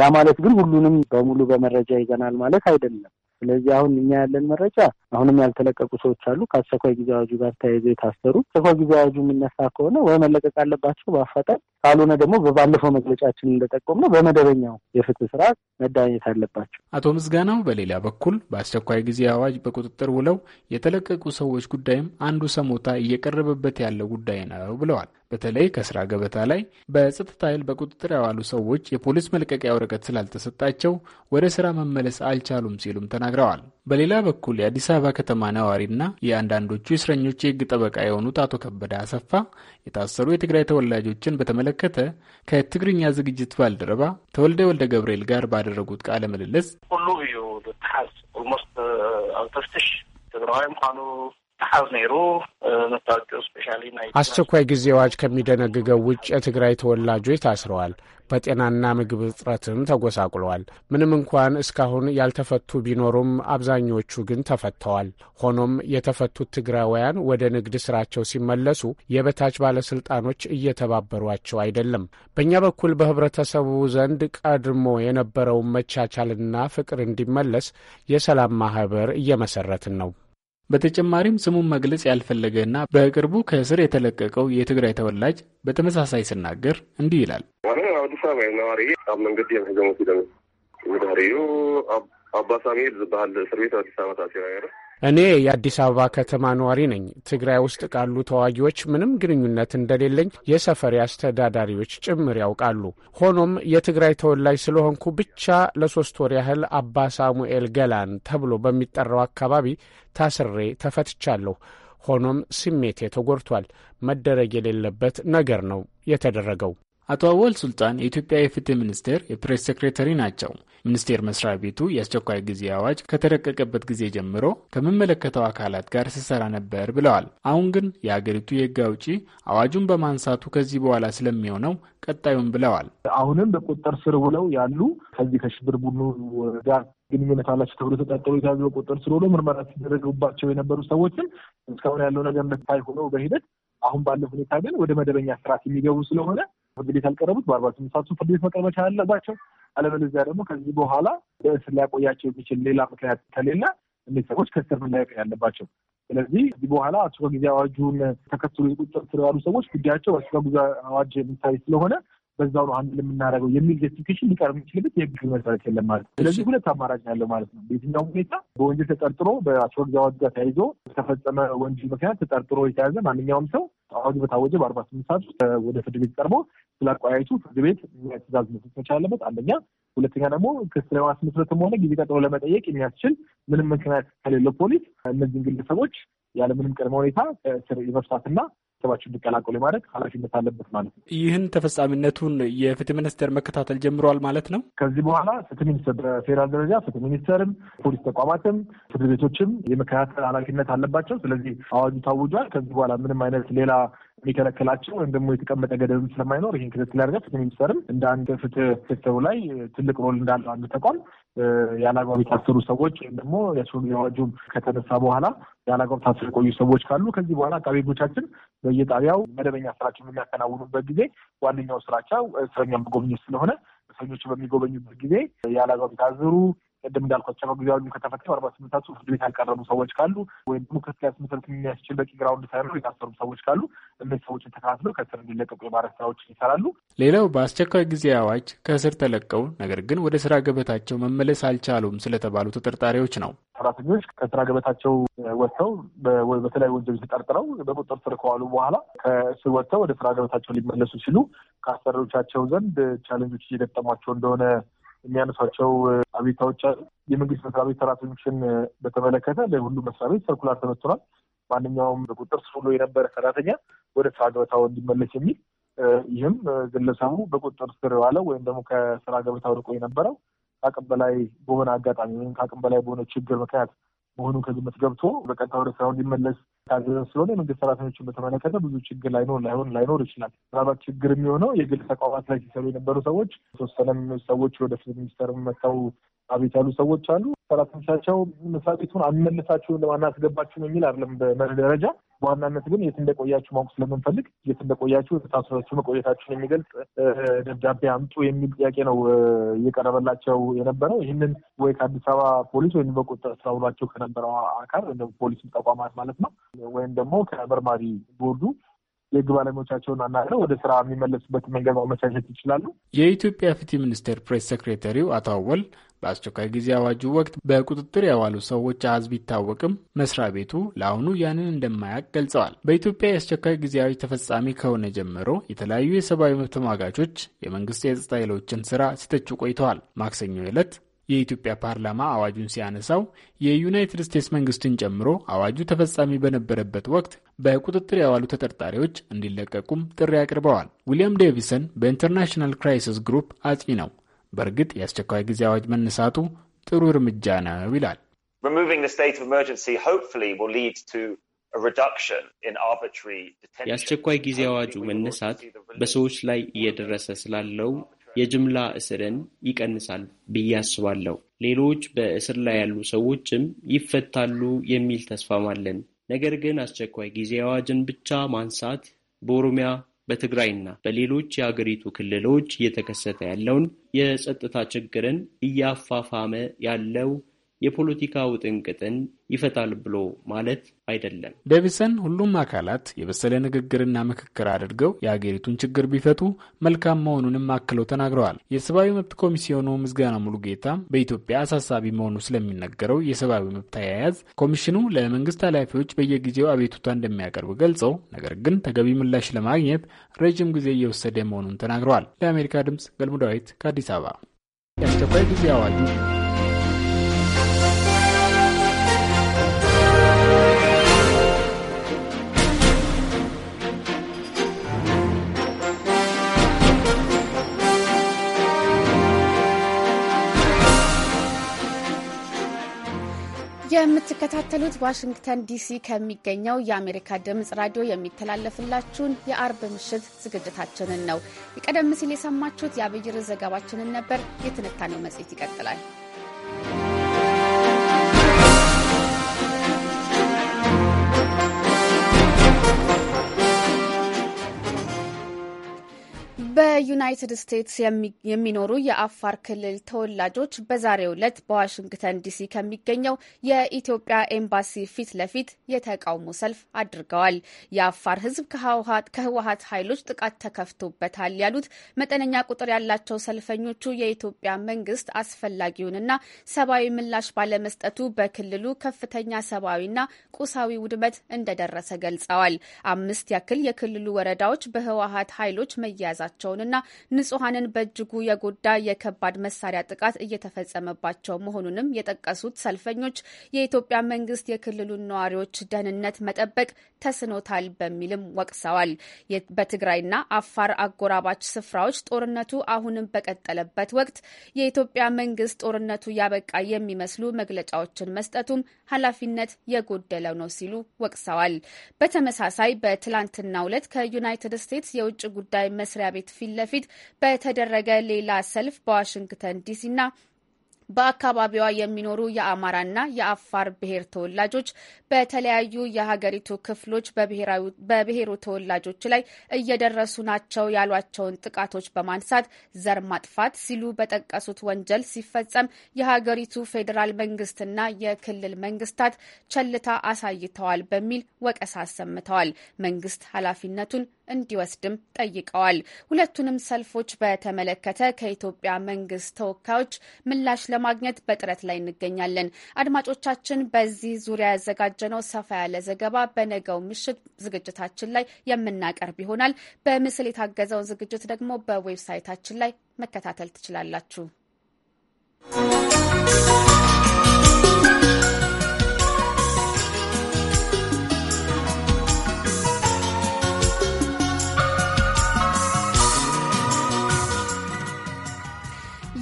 ያ ማለት ግን ሁሉንም በሙሉ በመረጃ ይዘናል ማለት አይደለም። ስለዚህ አሁን እኛ ያለን መረጃ አሁንም ያልተለቀቁ ሰዎች አሉ። ከአስቸኳይ ጊዜ አዋጁ ጋር ተያይዘው የታሰሩ አስቸኳይ ጊዜ አዋጁ የሚነሳ ከሆነ ወይ መለቀቅ አለባቸው በአፋጣኝ ካልሆነ ደግሞ በባለፈው መግለጫችን እንደጠቆምነው በመደበኛው የፍትህ ስርዓት መዳኘት አለባቸው። አቶ ምስጋናው በሌላ በኩል በአስቸኳይ ጊዜ አዋጅ በቁጥጥር ውለው የተለቀቁ ሰዎች ጉዳይም አንዱ ሰሞታ እየቀረበበት ያለው ጉዳይ ነው ብለዋል። በተለይ ከስራ ገበታ ላይ በጸጥታ ኃይል በቁጥጥር ያዋሉ ሰዎች የፖሊስ መልቀቂያ ወረቀት ስላልተሰጣቸው ወደ ስራ መመለስ አልቻሉም ሲሉም ተናግረዋል። በሌላ በኩል የአዲስ አበባ ከተማ ነዋሪና የአንዳንዶቹ እስረኞች የህግ ጠበቃ የሆኑት አቶ ከበደ አሰፋ የታሰሩ የትግራይ ተወላጆችን በተመለከተ ከትግርኛ ዝግጅት ባልደረባ ተወልደ ወልደ ገብርኤል ጋር ባደረጉት ቃለ ምልልስ ሁሉ እዩ ትሓዝ ኦልሞስት ኣብ ተፍትሽ ትግራዋይ ምኳኑ ተሓዝ ነይሩ መታወቂያው ስፔሻሊ ናይ አስቸኳይ ጊዜ አዋጅ ከሚደነግገው ውጭ የትግራይ ተወላጆች ታስረዋል፣ በጤናና ምግብ እጥረትም ተጎሳቁለዋል። ምንም እንኳን እስካሁን ያልተፈቱ ቢኖሩም አብዛኞቹ ግን ተፈተዋል። ሆኖም የተፈቱት ትግራውያን ወደ ንግድ ስራቸው ሲመለሱ የበታች ባለስልጣኖች እየተባበሯቸው አይደለም። በእኛ በኩል በህብረተሰቡ ዘንድ ቀድሞ የነበረውን መቻቻልና ፍቅር እንዲመለስ የሰላም ማህበር እየመሰረትን ነው። በተጨማሪም ስሙን መግለጽ ያልፈለገና በቅርቡ ከእስር የተለቀቀው የትግራይ ተወላጅ በተመሳሳይ ስናገር እንዲህ ይላል። አዲስ አበባ ነዋሪ ኣብ መንገዲ እዮም ሒዞም ወሲዶም ዝዳርዩ ኣባ ሳሙኤል ዝበሃል እስር ቤት ኣዲስ አበባ ታሲራ ነይሩ እኔ የአዲስ አበባ ከተማ ነዋሪ ነኝ። ትግራይ ውስጥ ካሉ ተዋጊዎች ምንም ግንኙነት እንደሌለኝ የሰፈሪ አስተዳዳሪዎች ጭምር ያውቃሉ። ሆኖም የትግራይ ተወላጅ ስለሆንኩ ብቻ ለሶስት ወር ያህል አባ ሳሙኤል ገላን ተብሎ በሚጠራው አካባቢ ታስሬ ተፈትቻለሁ። ሆኖም ስሜቴ ተጎድቷል። መደረግ የሌለበት ነገር ነው የተደረገው። አቶ አወል ሱልጣን የኢትዮጵያ የፍትህ ሚኒስቴር የፕሬስ ሴክሬተሪ ናቸው። ሚኒስቴር መስሪያ ቤቱ የአስቸኳይ ጊዜ አዋጅ ከተረቀቀበት ጊዜ ጀምሮ ከሚመለከተው አካላት ጋር ስሰራ ነበር ብለዋል። አሁን ግን የአገሪቱ የህግ አውጪ አዋጁን በማንሳቱ ከዚህ በኋላ ስለሚሆነው ቀጣዩም ብለዋል። አሁንም በቁጥጥር ስር ውለው ያሉ ከዚህ ከሽብር ቡድኑ ጋር ግንኙነት አላቸው ተብሎ ተጠርጥሮ የተያዙ በቁጥጥር ስር ውለው ምርመራ ሲደረግባቸው የነበሩ ሰዎችም እስካሁን ያለው ነገር መታይ ሆኖ በሂደት አሁን ባለው ሁኔታ ግን ወደ መደበኛ ስርዓት የሚገቡ ስለሆነ ፍርድ ቤት ያልቀረቡት በአርባ ስምንት ሰዓት ፍርድ ቤት መቅረብ መቻል አለባቸው። አለበለዚያ ደግሞ ከዚህ በኋላ በእስር ሊያቆያቸው የሚችል ሌላ ምክንያት ከሌለ እነዚህ ሰዎች ከእስር መለቀቅ ያለባቸው። ስለዚህ ከዚህ በኋላ አስቸኳይ ጊዜ አዋጁን ተከትሎ የቁጥጥር ስር ያሉ ሰዎች ጉዳያቸው በአስቸኳይ ጊዜ አዋጅ የሚታይ ስለሆነ በዛው ነው አንድ የምናደርገው የሚል ጀስቲፊኬሽን ሊቀርብ የሚችልበት የህግ መሰረት የለም ማለት ነው። ስለዚህ ሁለት አማራጭ ያለው ማለት ነው። በየትኛውም ሁኔታ በወንጀል ተጠርጥሮ በአስቸኳይ አዋጅ ጋር ተያይዞ በተፈጸመ ወንጀል ምክንያት ተጠርጥሮ የተያዘ ማንኛውም ሰው አዋጁ በታወጀ በአርባ ስምንት ሰዓት ውስጥ ወደ ፍርድ ቤት ቀርቦ ስለ አቆያየቱ ፍርድ ቤት ትእዛዝ መስጠት መቻል አለበት። አንደኛ። ሁለተኛ ደግሞ ክስ ለማስመስረትም ሆነ ጊዜ ቀጥሮ ለመጠየቅ የሚያስችል ምንም ምክንያት ከሌለው ፖሊስ እነዚህን ግለሰቦች ያለምንም ቅድመ ሁኔታ ስር የመፍታትና ቤተሰባቸው እንዲቀላቀሉ የማድረግ ኃላፊነት አለበት ማለት ነው። ይህን ተፈጻሚነቱን የፍትህ ሚኒስቴር መከታተል ጀምረዋል ማለት ነው። ከዚህ በኋላ ፍትህ ሚኒስቴር በፌዴራል ደረጃ ፍትህ ሚኒስቴርም፣ ፖሊስ ተቋማትም፣ ፍርድ ቤቶችም የመከታተል ኃላፊነት አለባቸው። ስለዚህ አዋጁ ታውጇል። ከዚህ በኋላ ምንም አይነት ሌላ የሚከለክላቸው ወይም ደግሞ የተቀመጠ ገደብም ስለማይኖር ይህን ክትትል ያደርጋል። ፍትህ ሚኒስቴርም እንደ አንድ ፍትህ ሴክተሩ ላይ ትልቅ ሮል እንዳለው አንድ ተቋም ያለአግባብ የታሰሩ ሰዎች ወይም ደግሞ የሱን አዋጁም ከተነሳ በኋላ ያለአግባብ ታስር የቆዩ ሰዎች ካሉ ከዚህ በኋላ አቃቤ ሕጎቻችን በየጣቢያው መደበኛ ስራቸው የሚያከናውኑበት ጊዜ ዋነኛው ስራቸው እስረኛ መጎብኘት ስለሆነ እስረኞቹ በሚጎበኙበት ጊዜ ያለአግባብ የታሰሩ ቅድም እንዳልኳቸው በጊዜያዊ ከተፈታ አርባ ስምንታቱ ፍርድ ቤት ያልቀረቡ ሰዎች ካሉ ወይም ደግሞ ክስ ሊያስመሰርት የሚያስችል በቂ ግራውንድ ሳይኖር የታሰሩ ሰዎች ካሉ እነዚህ ሰዎችን ተከታትለው ከእስር እንዲለቀቁ የማድረግ ስራዎች ይሰራሉ። ሌላው በአስቸኳይ ጊዜ አዋጅ ከእስር ተለቀው ነገር ግን ወደ ስራ ገበታቸው መመለስ አልቻሉም ስለተባሉ ተጠርጣሪዎች ነው። ሰራተኞች ከስራ ገበታቸው ወጥተው በተለያዩ ወንጀሎች ተጠርጥረው በቁጥጥር ስር ከዋሉ በኋላ ከእስር ወጥተው ወደ ስራ ገበታቸው ሊመለሱ ሲሉ ከአሰሪዎቻቸው ዘንድ ቻለንጆች እየገጠሟቸው እንደሆነ የሚያነሷቸው አቤታዎች አሉ። የመንግስት መስሪያ ቤት ሰራተኞችን በተመለከተ ለሁሉም መስሪያ ቤት ሰርኩላር ተበትኗል። ማንኛውም በቁጥር ስር ውሎ የነበረ ሰራተኛ ወደ ስራ ገበታው እንዲመለስ የሚል ይህም ግለሰቡ በቁጥር ስር የዋለው ወይም ደግሞ ከስራ ገበታው ርቆ የነበረው ከአቅም በላይ በሆነ አጋጣሚ ወይም ከአቅም በላይ በሆነ ችግር ምክንያት መሆኑ ከግምት ገብቶ በቀጥታ ወደ ስራው እንዲመለስ ታዘዘ ስለሆነ የመንግስት ሰራተኞችን በተመለከተ ብዙ ችግር ላይኖር ላይሆን ላይኖር ይችላል። ምናልባት ችግር የሚሆነው የግል ተቋማት ላይ ሲሰሩ የነበሩ ሰዎች የተወሰነም ሰዎች ወደ ፍትህ ሚኒስተር መጥተው አቤት ያሉ ሰዎች አሉ። ሰራተኞቻቸው መስሪያ ቤቱን አንመልሳችሁን ለማናስገባችሁን የሚል አይደለም በመርህ ደረጃ በዋናነት ግን የት እንደቆያችሁ ማወቅ ስለምንፈልግ የት እንደቆያችሁ ታስራችሁ መቆየታችሁን የሚገልጽ ደብዳቤ አምጡ የሚል ጥያቄ ነው እየቀረበላቸው የነበረው። ይህንን ወይ ከአዲስ አበባ ፖሊስ ወይም በቁጥጥር ስር ውሏቸው ከነበረው አካል ወይም ፖሊስ ተቋማት ማለት ነው ወይም ደግሞ ከመርማሪ ቦርዱ የህግ ባለሙያዎቻቸውን አናግረው ወደ ስራ የሚመለሱበት መንገድ ማመቻቸት ይችላሉ። የኢትዮጵያ ፍትህ ሚኒስቴር ፕሬስ ሴክሬታሪው አቶ አወል በአስቸኳይ ጊዜ አዋጁ ወቅት በቁጥጥር የዋሉ ሰዎች አሃዝ ቢታወቅም መስሪያ ቤቱ ለአሁኑ ያንን እንደማያውቅ ገልጸዋል። በኢትዮጵያ የአስቸኳይ ጊዜ አዋጅ ተፈጻሚ ከሆነ ጀምሮ የተለያዩ የሰብአዊ መብት ተሟጋቾች የመንግስት የጸጥታ ኃይሎችን ስራ ሲተቹ ቆይተዋል። ማክሰኞ ዕለት የኢትዮጵያ ፓርላማ አዋጁን ሲያነሳው የዩናይትድ ስቴትስ መንግስትን ጨምሮ አዋጁ ተፈጻሚ በነበረበት ወቅት በቁጥጥር የዋሉ ተጠርጣሪዎች እንዲለቀቁም ጥሪ አቅርበዋል። ዊሊያም ዴቪሰን በኢንተርናሽናል ክራይሲስ ግሩፕ አጥኚ ነው። በእርግጥ የአስቸኳይ ጊዜ አዋጅ መነሳቱ ጥሩ እርምጃ ነው ይላል። የአስቸኳይ ጊዜ አዋጁ መነሳት በሰዎች ላይ እየደረሰ ስላለው የጅምላ እስርን ይቀንሳል ብዬ አስባለሁ። ሌሎች በእስር ላይ ያሉ ሰዎችም ይፈታሉ የሚል ተስፋም አለን። ነገር ግን አስቸኳይ ጊዜ አዋጅን ብቻ ማንሳት በኦሮሚያ በትግራይና በሌሎች የአገሪቱ ክልሎች እየተከሰተ ያለውን የጸጥታ ችግርን እያፋፋመ ያለው የፖለቲካ ውጥንቅጥን ይፈታል ብሎ ማለት አይደለም። ዴቪሰን ሁሉም አካላት የበሰለ ንግግርና ምክክር አድርገው የአገሪቱን ችግር ቢፈቱ መልካም መሆኑንም አክለው ተናግረዋል። የሰብአዊ መብት ምዝጋና ምስጋና ሙሉጌታ በኢትዮጵያ አሳሳቢ መሆኑ ስለሚነገረው የሰብአዊ መብት አያያዝ ኮሚሽኑ ለመንግስት ኃላፊዎች በየጊዜው አቤቱታ እንደሚያቀርብ ገልጸው ነገር ግን ተገቢ ምላሽ ለማግኘት ረዥም ጊዜ እየወሰደ መሆኑን ተናግረዋል። ለአሜሪካ ድምጽ ገልሙ ዳዊት ከአዲስ አበባ የአስቸኳይ ጊዜ አዋጅ የምትከታተሉት ዋሽንግተን ዲሲ ከሚገኘው የአሜሪካ ድምፅ ራዲዮ የሚተላለፍላችሁን የአርብ ምሽት ዝግጅታችንን ነው። ቀደም ሲል የሰማችሁት የአብይር ዘገባችንን ነበር። የትንታኔው መጽሔት ይቀጥላል። ዩናይትድ ስቴትስ የሚኖሩ የአፋር ክልል ተወላጆች በዛሬው ዕለት በዋሽንግተን ዲሲ ከሚገኘው የኢትዮጵያ ኤምባሲ ፊት ለፊት የተቃውሞ ሰልፍ አድርገዋል። የአፋር ሕዝብ ከህወሀት ኃይሎች ጥቃት ተከፍቶበታል ያሉት መጠነኛ ቁጥር ያላቸው ሰልፈኞቹ የኢትዮጵያ መንግስት አስፈላጊውንና ሰብአዊ ምላሽ ባለመስጠቱ በክልሉ ከፍተኛ ሰብአዊና ቁሳዊ ውድመት እንደደረሰ ገልጸዋል። አምስት ያክል የክልሉ ወረዳዎች በህወሀት ኃይሎች መያዛቸውንና ንጹሐንን በእጅጉ የጎዳ የከባድ መሳሪያ ጥቃት እየተፈጸመባቸው መሆኑንም የጠቀሱት ሰልፈኞች የኢትዮጵያ መንግስት የክልሉን ነዋሪዎች ደህንነት መጠበቅ ተስኖታል በሚልም ወቅሰዋል። በትግራይና አፋር አጎራባች ስፍራዎች ጦርነቱ አሁንም በቀጠለበት ወቅት የኢትዮጵያ መንግስት ጦርነቱ ያበቃ የሚመስሉ መግለጫዎችን መስጠቱም ኃላፊነት የጎደለው ነው ሲሉ ወቅሰዋል። በተመሳሳይ በትላንትናው ዕለት ከዩናይትድ ስቴትስ የውጭ ጉዳይ መስሪያ ቤት ፊት በፊት በተደረገ ሌላ ሰልፍ በዋሽንግተን ዲሲና በአካባቢዋ የሚኖሩ የአማራና የአፋር ብሔር ተወላጆች በተለያዩ የሀገሪቱ ክፍሎች በብሔሩ ተወላጆች ላይ እየደረሱ ናቸው ያሏቸውን ጥቃቶች በማንሳት ዘር ማጥፋት ሲሉ በጠቀሱት ወንጀል ሲፈጸም የሀገሪቱ ፌዴራል መንግስትና የክልል መንግስታት ቸልታ አሳይተዋል በሚል ወቀሳ አሰምተዋል። መንግስት ኃላፊነቱን እንዲወስድም ጠይቀዋል። ሁለቱንም ሰልፎች በተመለከተ ከኢትዮጵያ መንግስት ተወካዮች ምላሽ ለማግኘት በጥረት ላይ እንገኛለን። አድማጮቻችን፣ በዚህ ዙሪያ ያዘጋጀነው ሰፋ ያለ ዘገባ በነገው ምሽት ዝግጅታችን ላይ የምናቀርብ ይሆናል። በምስል የታገዘው ዝግጅት ደግሞ በዌብሳይታችን ላይ መከታተል ትችላላችሁ።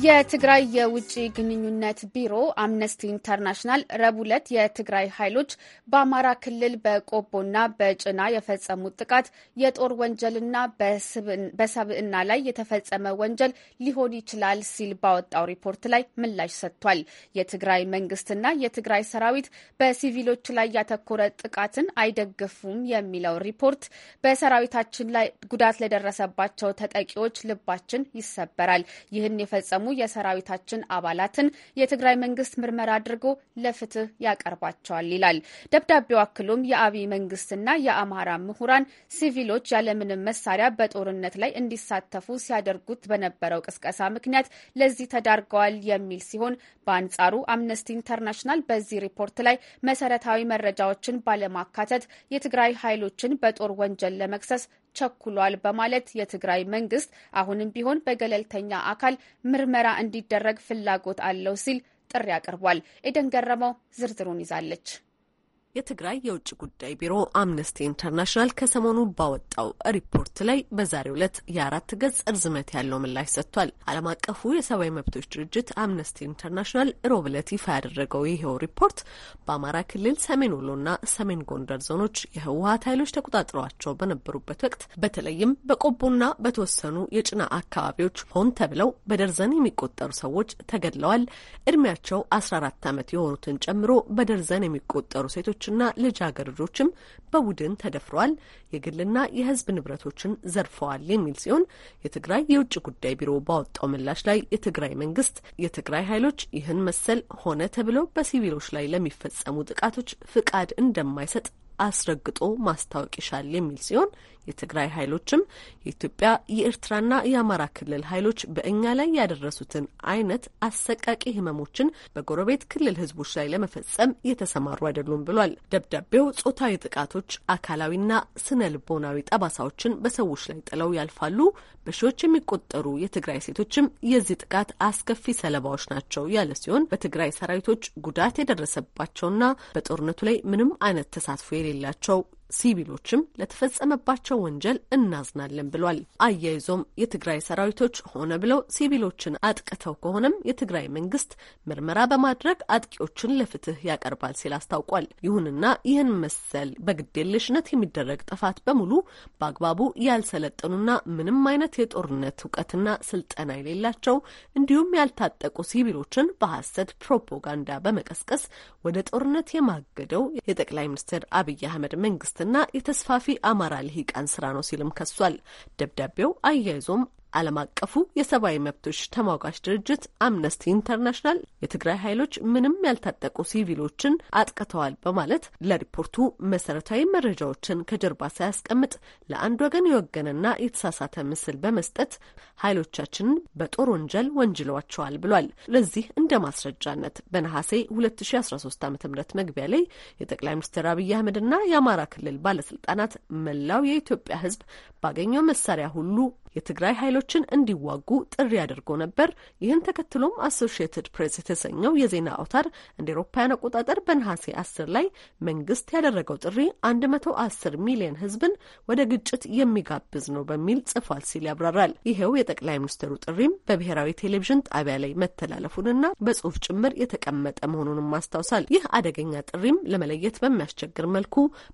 የትግራይ የውጭ ግንኙነት ቢሮ አምነስቲ ኢንተርናሽናል ረቡዕ ዕለት የትግራይ ኃይሎች በአማራ ክልል በቆቦና በጭና የፈጸሙት ጥቃት የጦር ወንጀልና በሰብዕና ላይ የተፈጸመ ወንጀል ሊሆን ይችላል ሲል ባወጣው ሪፖርት ላይ ምላሽ ሰጥቷል። የትግራይ መንግስትና የትግራይ ሰራዊት በሲቪሎች ላይ ያተኮረ ጥቃትን አይደግፉም የሚለው ሪፖርት በሰራዊታችን ላይ ጉዳት ለደረሰባቸው ተጠቂዎች ልባችን ይሰበራል። ይህን የፈጸሙ የሰራዊታችን አባላትን የትግራይ መንግስት ምርመራ አድርጎ ለፍትህ ያቀርባቸዋል ይላል ደብዳቤው። አክሎም የአብይ መንግስትና የአማራ ምሁራን ሲቪሎች ያለምንም መሳሪያ በጦርነት ላይ እንዲሳተፉ ሲያደርጉት በነበረው ቅስቀሳ ምክንያት ለዚህ ተዳርገዋል የሚል ሲሆን በአንጻሩ አምነስቲ ኢንተርናሽናል በዚህ ሪፖርት ላይ መሰረታዊ መረጃዎችን ባለማካተት የትግራይ ኃይሎችን በጦር ወንጀል ለመክሰስ ቸኩሏል በማለት የትግራይ መንግስት አሁንም ቢሆን በገለልተኛ አካል ምርመራ እንዲደረግ ፍላጎት አለው ሲል ጥሪ አቅርቧል። ኤደን ገረመው ዝርዝሩን ይዛለች። የትግራይ የውጭ ጉዳይ ቢሮ አምነስቲ ኢንተርናሽናል ከሰሞኑ ባወጣው ሪፖርት ላይ በዛሬው ዕለት የአራት ገጽ እርዝመት ያለው ምላሽ ሰጥቷል። ዓለም አቀፉ የሰብአዊ መብቶች ድርጅት አምነስቲ ኢንተርናሽናል ሮብ ዕለት ይፋ ያደረገው ይኸው ሪፖርት በአማራ ክልል ሰሜን ወሎና ሰሜን ጎንደር ዞኖች የህወሀት ኃይሎች ተቆጣጥረዋቸው በነበሩበት ወቅት በተለይም በቆቦና በተወሰኑ የጭና አካባቢዎች ሆን ተብለው በደርዘን የሚቆጠሩ ሰዎች ተገድለዋል። እድሜያቸው አስራ አራት ዓመት የሆኑትን ጨምሮ በደርዘን የሚቆጠሩ ሴቶች ሴቶችና ልጃገረዶችም በቡድን ተደፍረዋል፣ የግልና የህዝብ ንብረቶችን ዘርፈዋል የሚል ሲሆን የትግራይ የውጭ ጉዳይ ቢሮ ባወጣው ምላሽ ላይ የትግራይ መንግስት የትግራይ ኃይሎች ይህን መሰል ሆነ ተብለው በሲቪሎች ላይ ለሚፈጸሙ ጥቃቶች ፍቃድ እንደማይሰጥ አስረግጦ ማስታወቅ ይሻል የሚል ሲሆን የትግራይ ኃይሎችም የኢትዮጵያ የኤርትራና የአማራ ክልል ኃይሎች በእኛ ላይ ያደረሱትን አይነት አሰቃቂ ህመሞችን በጎረቤት ክልል ህዝቦች ላይ ለመፈጸም የተሰማሩ አይደሉም ብሏል። ደብዳቤው ጾታዊ ጥቃቶች አካላዊና ስነ ልቦናዊ ጠባሳዎችን በሰዎች ላይ ጥለው ያልፋሉ። በሺዎች የሚቆጠሩ የትግራይ ሴቶችም የዚህ ጥቃት አስከፊ ሰለባዎች ናቸው ያለ ሲሆን በትግራይ ሰራዊቶች ጉዳት የደረሰባቸውና በጦርነቱ ላይ ምንም አይነት ተሳትፎ የሌላቸው ሲቪሎችም ለተፈጸመባቸው ወንጀል እናዝናለን ብሏል። አያይዞም የትግራይ ሰራዊቶች ሆነ ብለው ሲቪሎችን አጥቅተው ከሆነም የትግራይ መንግስት ምርመራ በማድረግ አጥቂዎችን ለፍትህ ያቀርባል ሲል አስታውቋል። ይሁንና ይህን መሰል በግዴለሽነት የሚደረግ ጥፋት በሙሉ በአግባቡ ያልሰለጠኑና ምንም አይነት የጦርነት እውቀትና ስልጠና የሌላቸው እንዲሁም ያልታጠቁ ሲቪሎችን በሐሰት ፕሮፓጋንዳ በመቀስቀስ ወደ ጦርነት የማገደው የጠቅላይ ሚኒስትር አብይ አህመድ መንግስት እና የተስፋፊ አማራ ልሂቃን ስራ ነው ሲልም ከሷል። ደብዳቤው አያይዞም ዓለም አቀፉ የሰብአዊ መብቶች ተሟጋች ድርጅት አምነስቲ ኢንተርናሽናል የትግራይ ኃይሎች ምንም ያልታጠቁ ሲቪሎችን አጥቅተዋል በማለት ለሪፖርቱ መሰረታዊ መረጃዎችን ከጀርባ ሳያስቀምጥ ለአንድ ወገን የወገነና የተሳሳተ ምስል በመስጠት ኃይሎቻችንን በጦር ወንጀል ወንጅለዋቸዋል ብሏል። ለዚህ እንደ ማስረጃነት በነሐሴ 2013 ዓ ም መግቢያ ላይ የጠቅላይ ሚኒስትር አብይ አህመድና የአማራ ክልል ባለስልጣናት መላው የኢትዮጵያ ሕዝብ ባገኘው መሳሪያ ሁሉ የትግራይ ኃይሎችን እንዲዋጉ ጥሪ አድርጎ ነበር። ይህን ተከትሎም አሶሺየትድ ፕሬስ የተሰኘው የዜና አውታር እንደ ኤሮፓውያን አቆጣጠር በነሐሴ አስር ላይ መንግስት ያደረገው ጥሪ አንድ መቶ አስር ሚሊዮን ህዝብን ወደ ግጭት የሚጋብዝ ነው በሚል ጽፏል ሲል ያብራራል። ይኸው የጠቅላይ ሚኒስትሩ ጥሪም በብሔራዊ ቴሌቪዥን ጣቢያ ላይ መተላለፉንና በጽሁፍ ጭምር የተቀመጠ መሆኑንም አስታውሳል። ይህ አደገኛ ጥሪም ለመለየት በሚያስቸግር መልኩ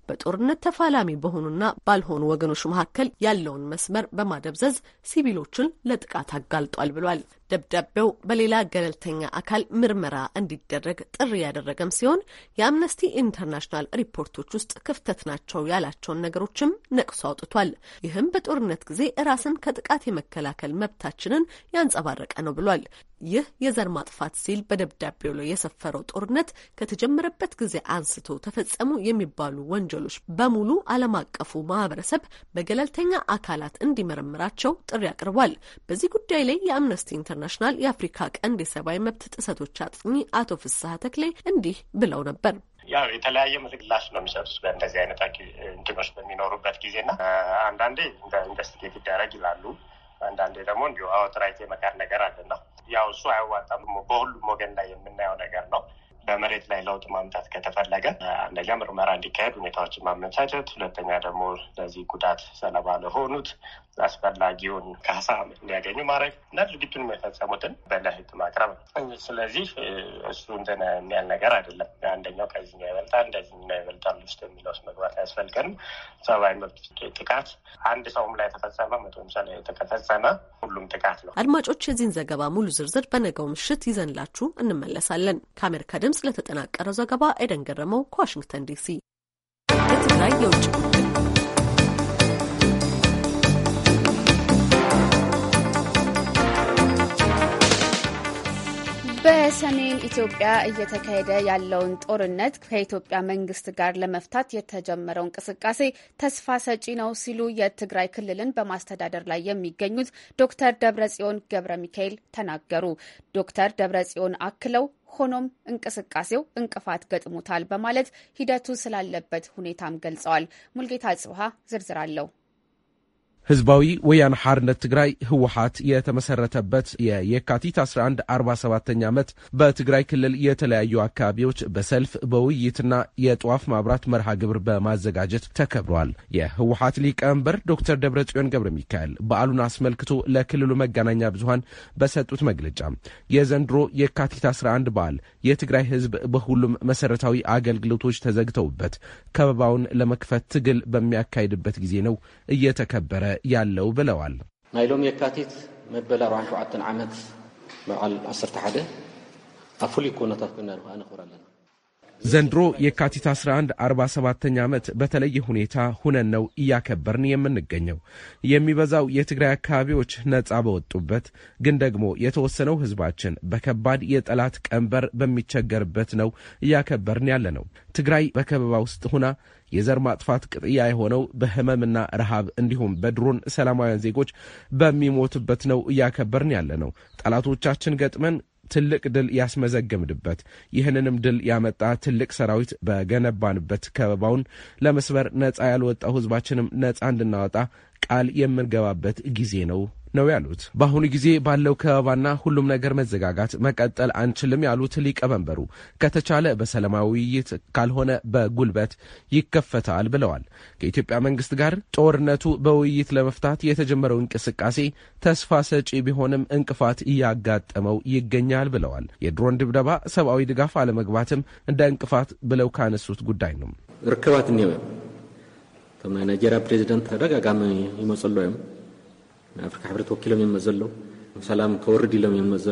በጦርነት ተፋላሚ በሆኑና ባልሆኑ ወገኖች መካከል ያለውን መስመር በማደብዘዝ በመያዝ ሲቪሎችን ለጥቃት አጋልጧል ብሏል። ደብዳቤው በሌላ ገለልተኛ አካል ምርመራ እንዲደረግ ጥሪ ያደረገም ሲሆን የአምነስቲ ኢንተርናሽናል ሪፖርቶች ውስጥ ክፍተት ናቸው ያላቸውን ነገሮችም ነቅሶ አውጥቷል። ይህም በጦርነት ጊዜ ራስን ከጥቃት የመከላከል መብታችንን ያንጸባረቀ ነው ብሏል። ይህ የዘር ማጥፋት ሲል በደብዳቤው ላይ የሰፈረው ጦርነት ከተጀመረበት ጊዜ አንስቶ ተፈጸሙ የሚባሉ ወንጀሎች በሙሉ ዓለም አቀፉ ማህበረሰብ በገለልተኛ አካላት እንዲመረምራቸው ጥሪ አቅርቧል። በዚህ ጉዳይ ላይ የአምነስቲ ኢንተርና ኢንተርናሽናል የአፍሪካ ቀንድ የሰብአዊ መብት ጥሰቶች አጥኚ አቶ ፍስሀ ተክሌ እንዲህ ብለው ነበር። ያው የተለያየ ምላሽ ነው የሚሰጡት በእንደዚህ አይነት እንትኖች በሚኖሩበት ጊዜና አንዳንዴ ኢንቨስቲጌት ይደረግ ይላሉ። አንዳንዴ ደግሞ እንዲሁ አውትራይት የመካድ ነገር አለና ያው እሱ አያዋጣም። በሁሉም ወገን ላይ የምናየው ነገር ነው። በመሬት ላይ ለውጥ ማምጣት ከተፈለገ አንደኛ ምርመራ እንዲካሄድ ሁኔታዎችን ማመቻቸት፣ ሁለተኛ ደግሞ ለዚህ ጉዳት ሰለባ ለሆኑት አስፈላጊውን ካሳ እንዲያገኙ ማድረግ እና ድርጊቱን የሚፈጸሙትን በለህግ ማቅረብ ነው። ስለዚህ እሱ እንትን የሚያል ነገር አይደለም። አንደኛው ከዚህኛው ይበልጣል፣ እንደዚህኛው ይበልጣል ውስጥ የሚለውስ መግባት አያስፈልገንም። ሰብአዊ መብት ጥቃት አንድ ሰውም ላይ ተፈጸመ መቶም ላይ ተፈጸመ ሁሉም ጥቃት ነው። አድማጮች፣ የዚህን ዘገባ ሙሉ ዝርዝር በነገው ምሽት ይዘንላችሁ እንመለሳለን። ከአሜሪካ ድምፅ ድምፅ ለተጠናቀረው ዘገባ ኤደን ገረመው ከዋሽንግተን ዲሲ። የትግራይ የውጭ በሰሜን ኢትዮጵያ እየተካሄደ ያለውን ጦርነት ከኢትዮጵያ መንግስት ጋር ለመፍታት የተጀመረው እንቅስቃሴ ተስፋ ሰጪ ነው ሲሉ የትግራይ ክልልን በማስተዳደር ላይ የሚገኙት ዶክተር ደብረጽዮን ገብረ ሚካኤል ተናገሩ። ዶክተር ደብረጽዮን አክለው ሆኖም እንቅስቃሴው እንቅፋት ገጥሞታል በማለት ሂደቱ ስላለበት ሁኔታም ገልጸዋል። ሙልጌታ ጽብሃ ዝርዝር አለው። ህዝባዊ ወያነ ሓርነት ትግራይ ህወሓት የተመሰረተበት የየካቲት 11 47ኛ ዓመት በትግራይ ክልል የተለያዩ አካባቢዎች በሰልፍ በውይይትና የጠዋፍ ማብራት መርሃ ግብር በማዘጋጀት ተከብሯል። የህወሓት ሊቀመንበር ዶክተር ደብረ ጽዮን ገብረ ሚካኤል በዓሉን አስመልክቶ ለክልሉ መገናኛ ብዙሃን በሰጡት መግለጫ የዘንድሮ የካቲት 11 በዓል የትግራይ ህዝብ በሁሉም መሰረታዊ አገልግሎቶች ተዘግተውበት ከበባውን ለመክፈት ትግል በሚያካሂድበት ጊዜ ነው እየተከበረ ያለው ብለዋል። ናይ ሎም የካቲት መበል 47 ዓመት መዓል 11 ኣብ ፍሉይ ኩነታት ኮይና ንክዓ ኣለና ዘንድሮ የካቲት 11 47ኛ ዓመት በተለየ ሁኔታ ሁነን ነው እያከበርን የምንገኘው። የሚበዛው የትግራይ አካባቢዎች ነጻ በወጡበት ግን ደግሞ የተወሰነው ህዝባችን በከባድ የጠላት ቀንበር በሚቸገርበት ነው እያከበርን ያለ ነው። ትግራይ በከበባ ውስጥ ሁና የዘር ማጥፋት ቅጥያ የሆነው በህመምና ረሃብ እንዲሁም በድሮን ሰላማውያን ዜጎች በሚሞትበት ነው እያከበርን ያለ ነው። ጠላቶቻችን ገጥመን ትልቅ ድል ያስመዘገብንበት ይህንንም ድል ያመጣ ትልቅ ሰራዊት በገነባንበት ከበባውን ለመስበር ነፃ ያልወጣው ህዝባችንም ነፃ እንድናወጣ ቃል የምንገባበት ጊዜ ነው ነው ያሉት። በአሁኑ ጊዜ ባለው ከበባና ሁሉም ነገር መዘጋጋት መቀጠል አንችልም ያሉት ሊቀመንበሩ ከተቻለ በሰላማዊ ውይይት ካልሆነ በጉልበት ይከፈታል ብለዋል። ከኢትዮጵያ መንግስት ጋር ጦርነቱ በውይይት ለመፍታት የተጀመረው እንቅስቃሴ ተስፋ ሰጪ ቢሆንም እንቅፋት እያጋጠመው ይገኛል ብለዋል። የድሮን ድብደባ፣ ሰብአዊ ድጋፍ አለመግባትም እንደ እንቅፋት ብለው ካነሱት ጉዳይ ነው ርክባት እኒ ናይጄሪያ ፕሬዚደንት ተደጋጋሚ ወይም አፍሪካ ሕብረት ወኪሎም ይመዘ ሰላም ከወርድ ኢሎም ይመዘ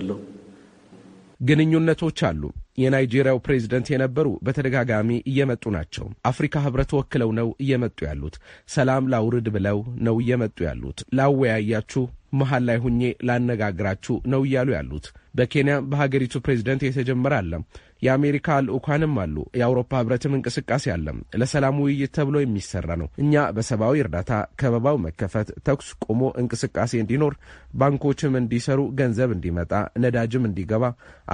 ግንኙነቶች አሉ። የናይጄሪያው ፕሬዚደንት የነበሩ በተደጋጋሚ እየመጡ ናቸው። አፍሪካ ህብረት ወክለው ነው እየመጡ ያሉት። ሰላም ላውርድ ብለው ነው እየመጡ ያሉት። ላወያያችሁ፣ መሀል ላይ ሁኜ ላነጋግራችሁ ነው እያሉ ያሉት። በኬንያ በሀገሪቱ ፕሬዚደንት የተጀመረ አለም የአሜሪካ ልዑካንም አሉ። የአውሮፓ ህብረትም እንቅስቃሴ አለም። ለሰላም ውይይት ተብሎ የሚሰራ ነው። እኛ በሰብአዊ እርዳታ ከበባው መከፈት፣ ተኩስ ቆሞ እንቅስቃሴ እንዲኖር፣ ባንኮችም እንዲሰሩ፣ ገንዘብ እንዲመጣ፣ ነዳጅም እንዲገባ፣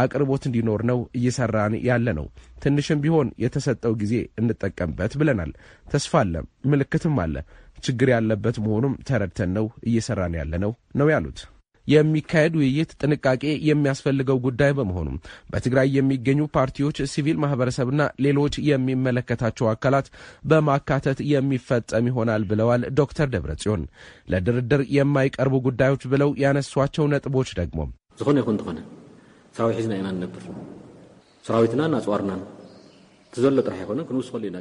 አቅርቦት እንዲኖር ነው እየሰራን ያለ ነው። ትንሽም ቢሆን የተሰጠው ጊዜ እንጠቀምበት ብለናል። ተስፋ አለ፣ ምልክትም አለ። ችግር ያለበት መሆኑም ተረድተን ነው እየሰራን ያለ ነው ነው ያሉት። የሚካሄድ ውይይት ጥንቃቄ የሚያስፈልገው ጉዳይ በመሆኑ በትግራይ የሚገኙ ፓርቲዎች፣ ሲቪል ማህበረሰብና ሌሎች የሚመለከታቸው አካላት በማካተት የሚፈጸም ይሆናል ብለዋል ዶክተር ደብረ ጽዮን ለድርድር የማይቀርቡ ጉዳዮች ብለው ያነሷቸው ነጥቦች ደግሞ ዝኾነ ይኹን እንተኾነ ሰራዊት ሒዝና ኢና ንነብር ሰራዊትና ናጽዋርና ዘሎ ጥራሕ ይኮነ ክንውስኸሉ ኢና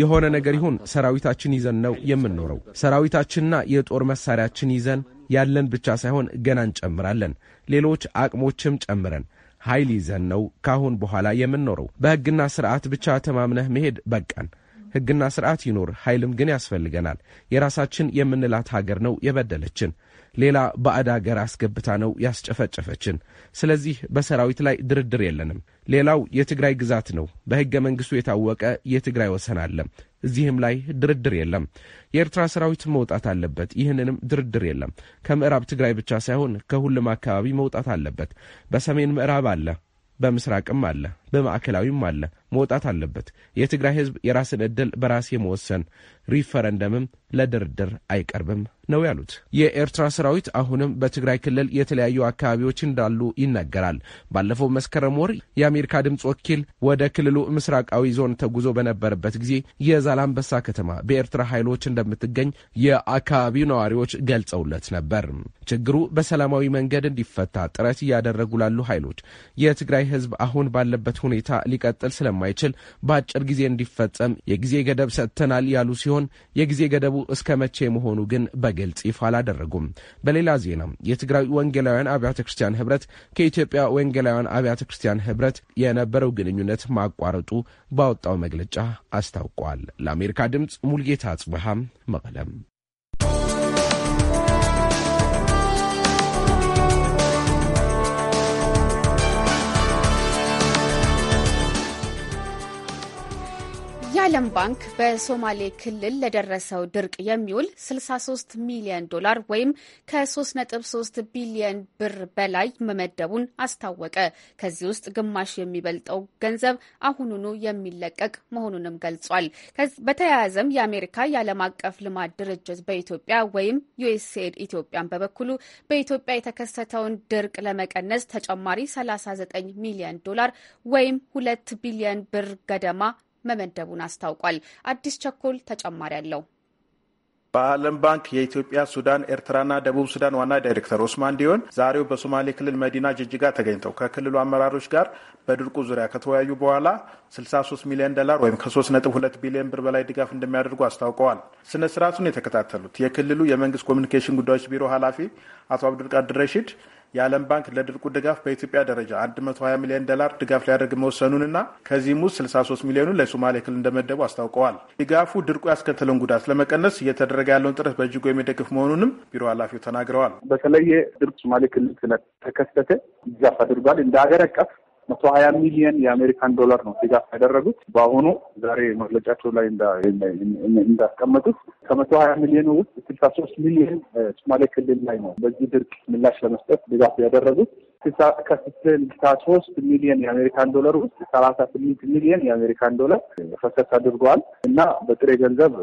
የሆነ ነገር ይሁን ሰራዊታችን ይዘን ነው የምንኖረው። ሰራዊታችንና የጦር መሳሪያችን ይዘን ያለን ብቻ ሳይሆን ገና እንጨምራለን። ሌሎች አቅሞችም ጨምረን ኃይል ይዘን ነው ካሁን በኋላ የምንኖረው። በሕግና ስርዓት ብቻ ተማምነህ መሄድ በቃን። ሕግና ስርዓት ይኑር፣ ኃይልም ግን ያስፈልገናል። የራሳችን የምንላት ሀገር ነው የበደለችን፣ ሌላ ባዕድ ሀገር አስገብታ ነው ያስጨፈጨፈችን። ስለዚህ በሰራዊት ላይ ድርድር የለንም። ሌላው የትግራይ ግዛት ነው። በሕገ መንግሥቱ የታወቀ የትግራይ ወሰን አለም። እዚህም ላይ ድርድር የለም። የኤርትራ ሰራዊት መውጣት አለበት። ይህንንም ድርድር የለም። ከምዕራብ ትግራይ ብቻ ሳይሆን ከሁሉም አካባቢ መውጣት አለበት። በሰሜን ምዕራብ አለ፣ በምስራቅም አለ። በማዕከላዊም አለ መውጣት አለበት። የትግራይ ህዝብ የራስን ዕድል በራስ የመወሰን ሪፈረንደምም ለድርድር አይቀርብም ነው ያሉት። የኤርትራ ሰራዊት አሁንም በትግራይ ክልል የተለያዩ አካባቢዎች እንዳሉ ይነገራል። ባለፈው መስከረም ወር የአሜሪካ ድምፅ ወኪል ወደ ክልሉ ምስራቃዊ ዞን ተጉዞ በነበረበት ጊዜ የዛላምበሳ ከተማ በኤርትራ ኃይሎች እንደምትገኝ የአካባቢው ነዋሪዎች ገልጸውለት ነበር። ችግሩ በሰላማዊ መንገድ እንዲፈታ ጥረት እያደረጉ ላሉ ኃይሎች የትግራይ ህዝብ አሁን ባለበት ሁኔታ ሊቀጥል ስለማይችል በአጭር ጊዜ እንዲፈጸም የጊዜ ገደብ ሰጥተናል ያሉ ሲሆን የጊዜ ገደቡ እስከ መቼ መሆኑ ግን በግልጽ ይፋ አላደረጉም። በሌላ ዜና የትግራይ ወንጌላውያን አብያተ ክርስቲያን ህብረት ከኢትዮጵያ ወንጌላውያን አብያተ ክርስቲያን ህብረት የነበረው ግንኙነት ማቋረጡ ባወጣው መግለጫ አስታውቋል። ለአሜሪካ ድምፅ ሙልጌታ አጽብሃም መቀለም የዓለም ባንክ በሶማሌ ክልል ለደረሰው ድርቅ የሚውል 63 ሚሊዮን ዶላር ወይም ከ3.3 ቢሊዮን ብር በላይ መመደቡን አስታወቀ። ከዚህ ውስጥ ግማሽ የሚበልጠው ገንዘብ አሁኑኑ የሚለቀቅ መሆኑንም ገልጿል። በተያያዘም የአሜሪካ የዓለም አቀፍ ልማት ድርጅት በኢትዮጵያ ወይም ዩኤስኤድ ኢትዮጵያን በበኩሉ በኢትዮጵያ የተከሰተውን ድርቅ ለመቀነስ ተጨማሪ 39 ሚሊዮን ዶላር ወይም 2 ቢሊዮን ብር ገደማ መመደቡን አስታውቋል። አዲስ ቸኮል ተጨማሪ አለው። በዓለም ባንክ የኢትዮጵያ፣ ሱዳን፣ ኤርትራና ደቡብ ሱዳን ዋና ዳይሬክተር ኦስማን ዲዮን ዛሬው በሶማሌ ክልል መዲና ጅጅጋ ተገኝተው ከክልሉ አመራሮች ጋር በድርቁ ዙሪያ ከተወያዩ በኋላ 63 ሚሊዮን ዶላር ወይም ከ3.2 ቢሊዮን ብር በላይ ድጋፍ እንደሚያደርጉ አስታውቀዋል። ስነ ስርዓቱን የተከታተሉት የክልሉ የመንግስት ኮሚኒኬሽን ጉዳዮች ቢሮ ኃላፊ አቶ አብዱልቃድር ረሺድ የዓለም ባንክ ለድርቁ ድጋፍ በኢትዮጵያ ደረጃ 120 ሚሊዮን ዶላር ድጋፍ ሊያደርግ መወሰኑንና ከዚህም ውስጥ 63 ሚሊዮኑን ለሶማሌ ክልል እንደመደቡ አስታውቀዋል። ድጋፉ ድርቁ ያስከተለውን ጉዳት ለመቀነስ እየተደረገ ያለውን ጥረት በእጅጉ የሚደግፍ መሆኑንም ቢሮ ኃላፊው ተናግረዋል። በተለየ ድርቅ ሶማሌ ክልል ስለተከሰተ ድጋፍ አድርጓል። እንደ ሀገር አቀፍ መቶ ሀያ ሚሊየን የአሜሪካን ዶላር ነው ድጋፍ ያደረጉት። በአሁኑ ዛሬ መግለጫቸው ላይ እንዳስቀመጡት ከመቶ ሀያ ሚሊዮን ውስጥ ስልሳ ሶስት ሚሊየን ሶማሌ ክልል ላይ ነው በዚህ ድርቅ ምላሽ ለመስጠት ድጋፍ ያደረጉት። ከስልሳ ሶስት ሚሊዮን የአሜሪካን ዶላር ውስጥ ሰላሳ ስምንት ሚሊየን የአሜሪካን ዶላር ፈሰስ አድርገዋል እና በጥሬ ገንዘብ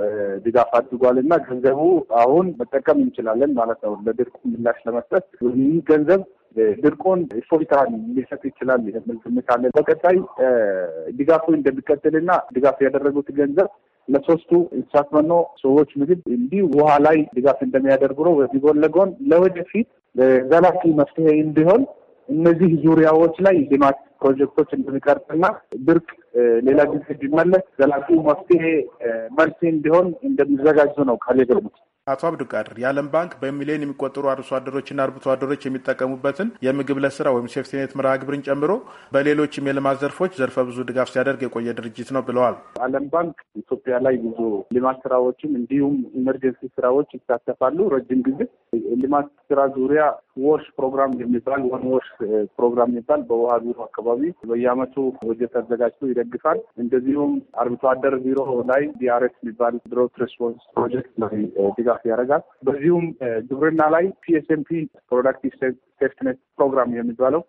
ድጋፍ አድርጓል እና ገንዘቡ አሁን መጠቀም እንችላለን ማለት ነው ለድርቁ ምላሽ ለመስጠት ይህ ገንዘብ ድርቁን እፎይታ ሊሰጥ ይችላል የሚል ግምት በቀጣይ ድጋፉ እንደሚቀጥልና ድጋፍ ያደረጉት ገንዘብ ለሶስቱ እንስሳት መኖ፣ ሰዎች ምግብ፣ እንዲህ ውሃ ላይ ድጋፍ እንደሚያደርጉ ነው። በዚህ ጎን ለጎን ለወደፊት ዘላቂ መፍትሄ እንዲሆን እነዚህ ዙሪያዎች ላይ ልማት ፕሮጀክቶች እንደሚቀርጽና ድርቅ ሌላ ጊዜ ቢመለስ ዘላቂ መፍትሄ መልስ እንዲሆን እንደሚዘጋጁ ነው ካሌ የገቡት። አቶ አብዱቃድር የዓለም ባንክ በሚሊዮን የሚቆጠሩ አርሶ አደሮችና አርብቶ አደሮች የሚጠቀሙበትን የምግብ ለስራ ወይም ሴፍቲኔት መርሃ ግብርን ጨምሮ በሌሎችም የልማት ዘርፎች ዘርፈ ብዙ ድጋፍ ሲያደርግ የቆየ ድርጅት ነው ብለዋል። ዓለም ባንክ ኢትዮጵያ ላይ ብዙ ልማት ስራዎችም እንዲሁም ኢመርጀንሲ ስራዎች ይሳተፋሉ። ረጅም ጊዜ ልማት ስራ ዙሪያ ወርሽ ፕሮግራም የሚባል ወን ወርሽ ፕሮግራም የሚባል በውሃ ቢሮ አካባቢ በየአመቱ በጀት አዘጋጅቶ ይደግፋል። እንደዚሁም አርብቶ አደር ቢሮ ላይ ዲአርኤስ የሚባል ድሮት ሬስፖንስ ፕሮጀክት ላይ ድጋፍ ያደርጋል። በዚሁም ግብርና ላይ ፒኤስኤምፒ ፕሮዳክቲቭ ሴፍትኔት ፕሮግራም የሚባለው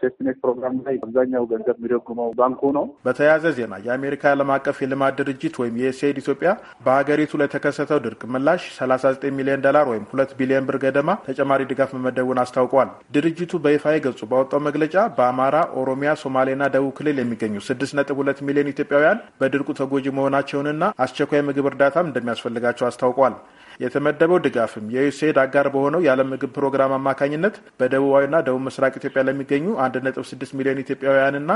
ሴፍትኔት ፕሮግራም ላይ አብዛኛው ገንዘብ የሚደጉመው ባንኩ ነው። በተያያዘ ዜና የአሜሪካ ዓለም አቀፍ የልማት ድርጅት ወይም የኤስኤድ ኢትዮጵያ በሀገሪቱ ለተከሰተው ድርቅ ምላሽ 39 ሚሊዮን ዶላር ወይም 2 ቢሊዮን ብር ገደማ ተጨማሪ ድጋፍ መመደቡን አስታውቋል። ድርጅቱ በይፋ ገጹ ባወጣው መግለጫ በአማራ፣ ኦሮሚያ፣ ሶማሌና ደቡብ ክልል የሚገኙ 6.2 ሚሊዮን ኢትዮጵያውያን በድርቁ ተጎጂ መሆናቸውንና አስቸኳይ ምግብ እርዳታም እንደሚያስፈልጋቸው አስታውቋል። የተመደበው ድጋፍም የዩኤስኤድ አጋር በሆነው የዓለም ምግብ ፕሮግራም አማካኝነት በደቡባዊና ደቡብ ምስራቅ ኢትዮጵያ ለሚገኙ የሚገኙ 1.6 ሚሊዮን ኢትዮጵያውያንና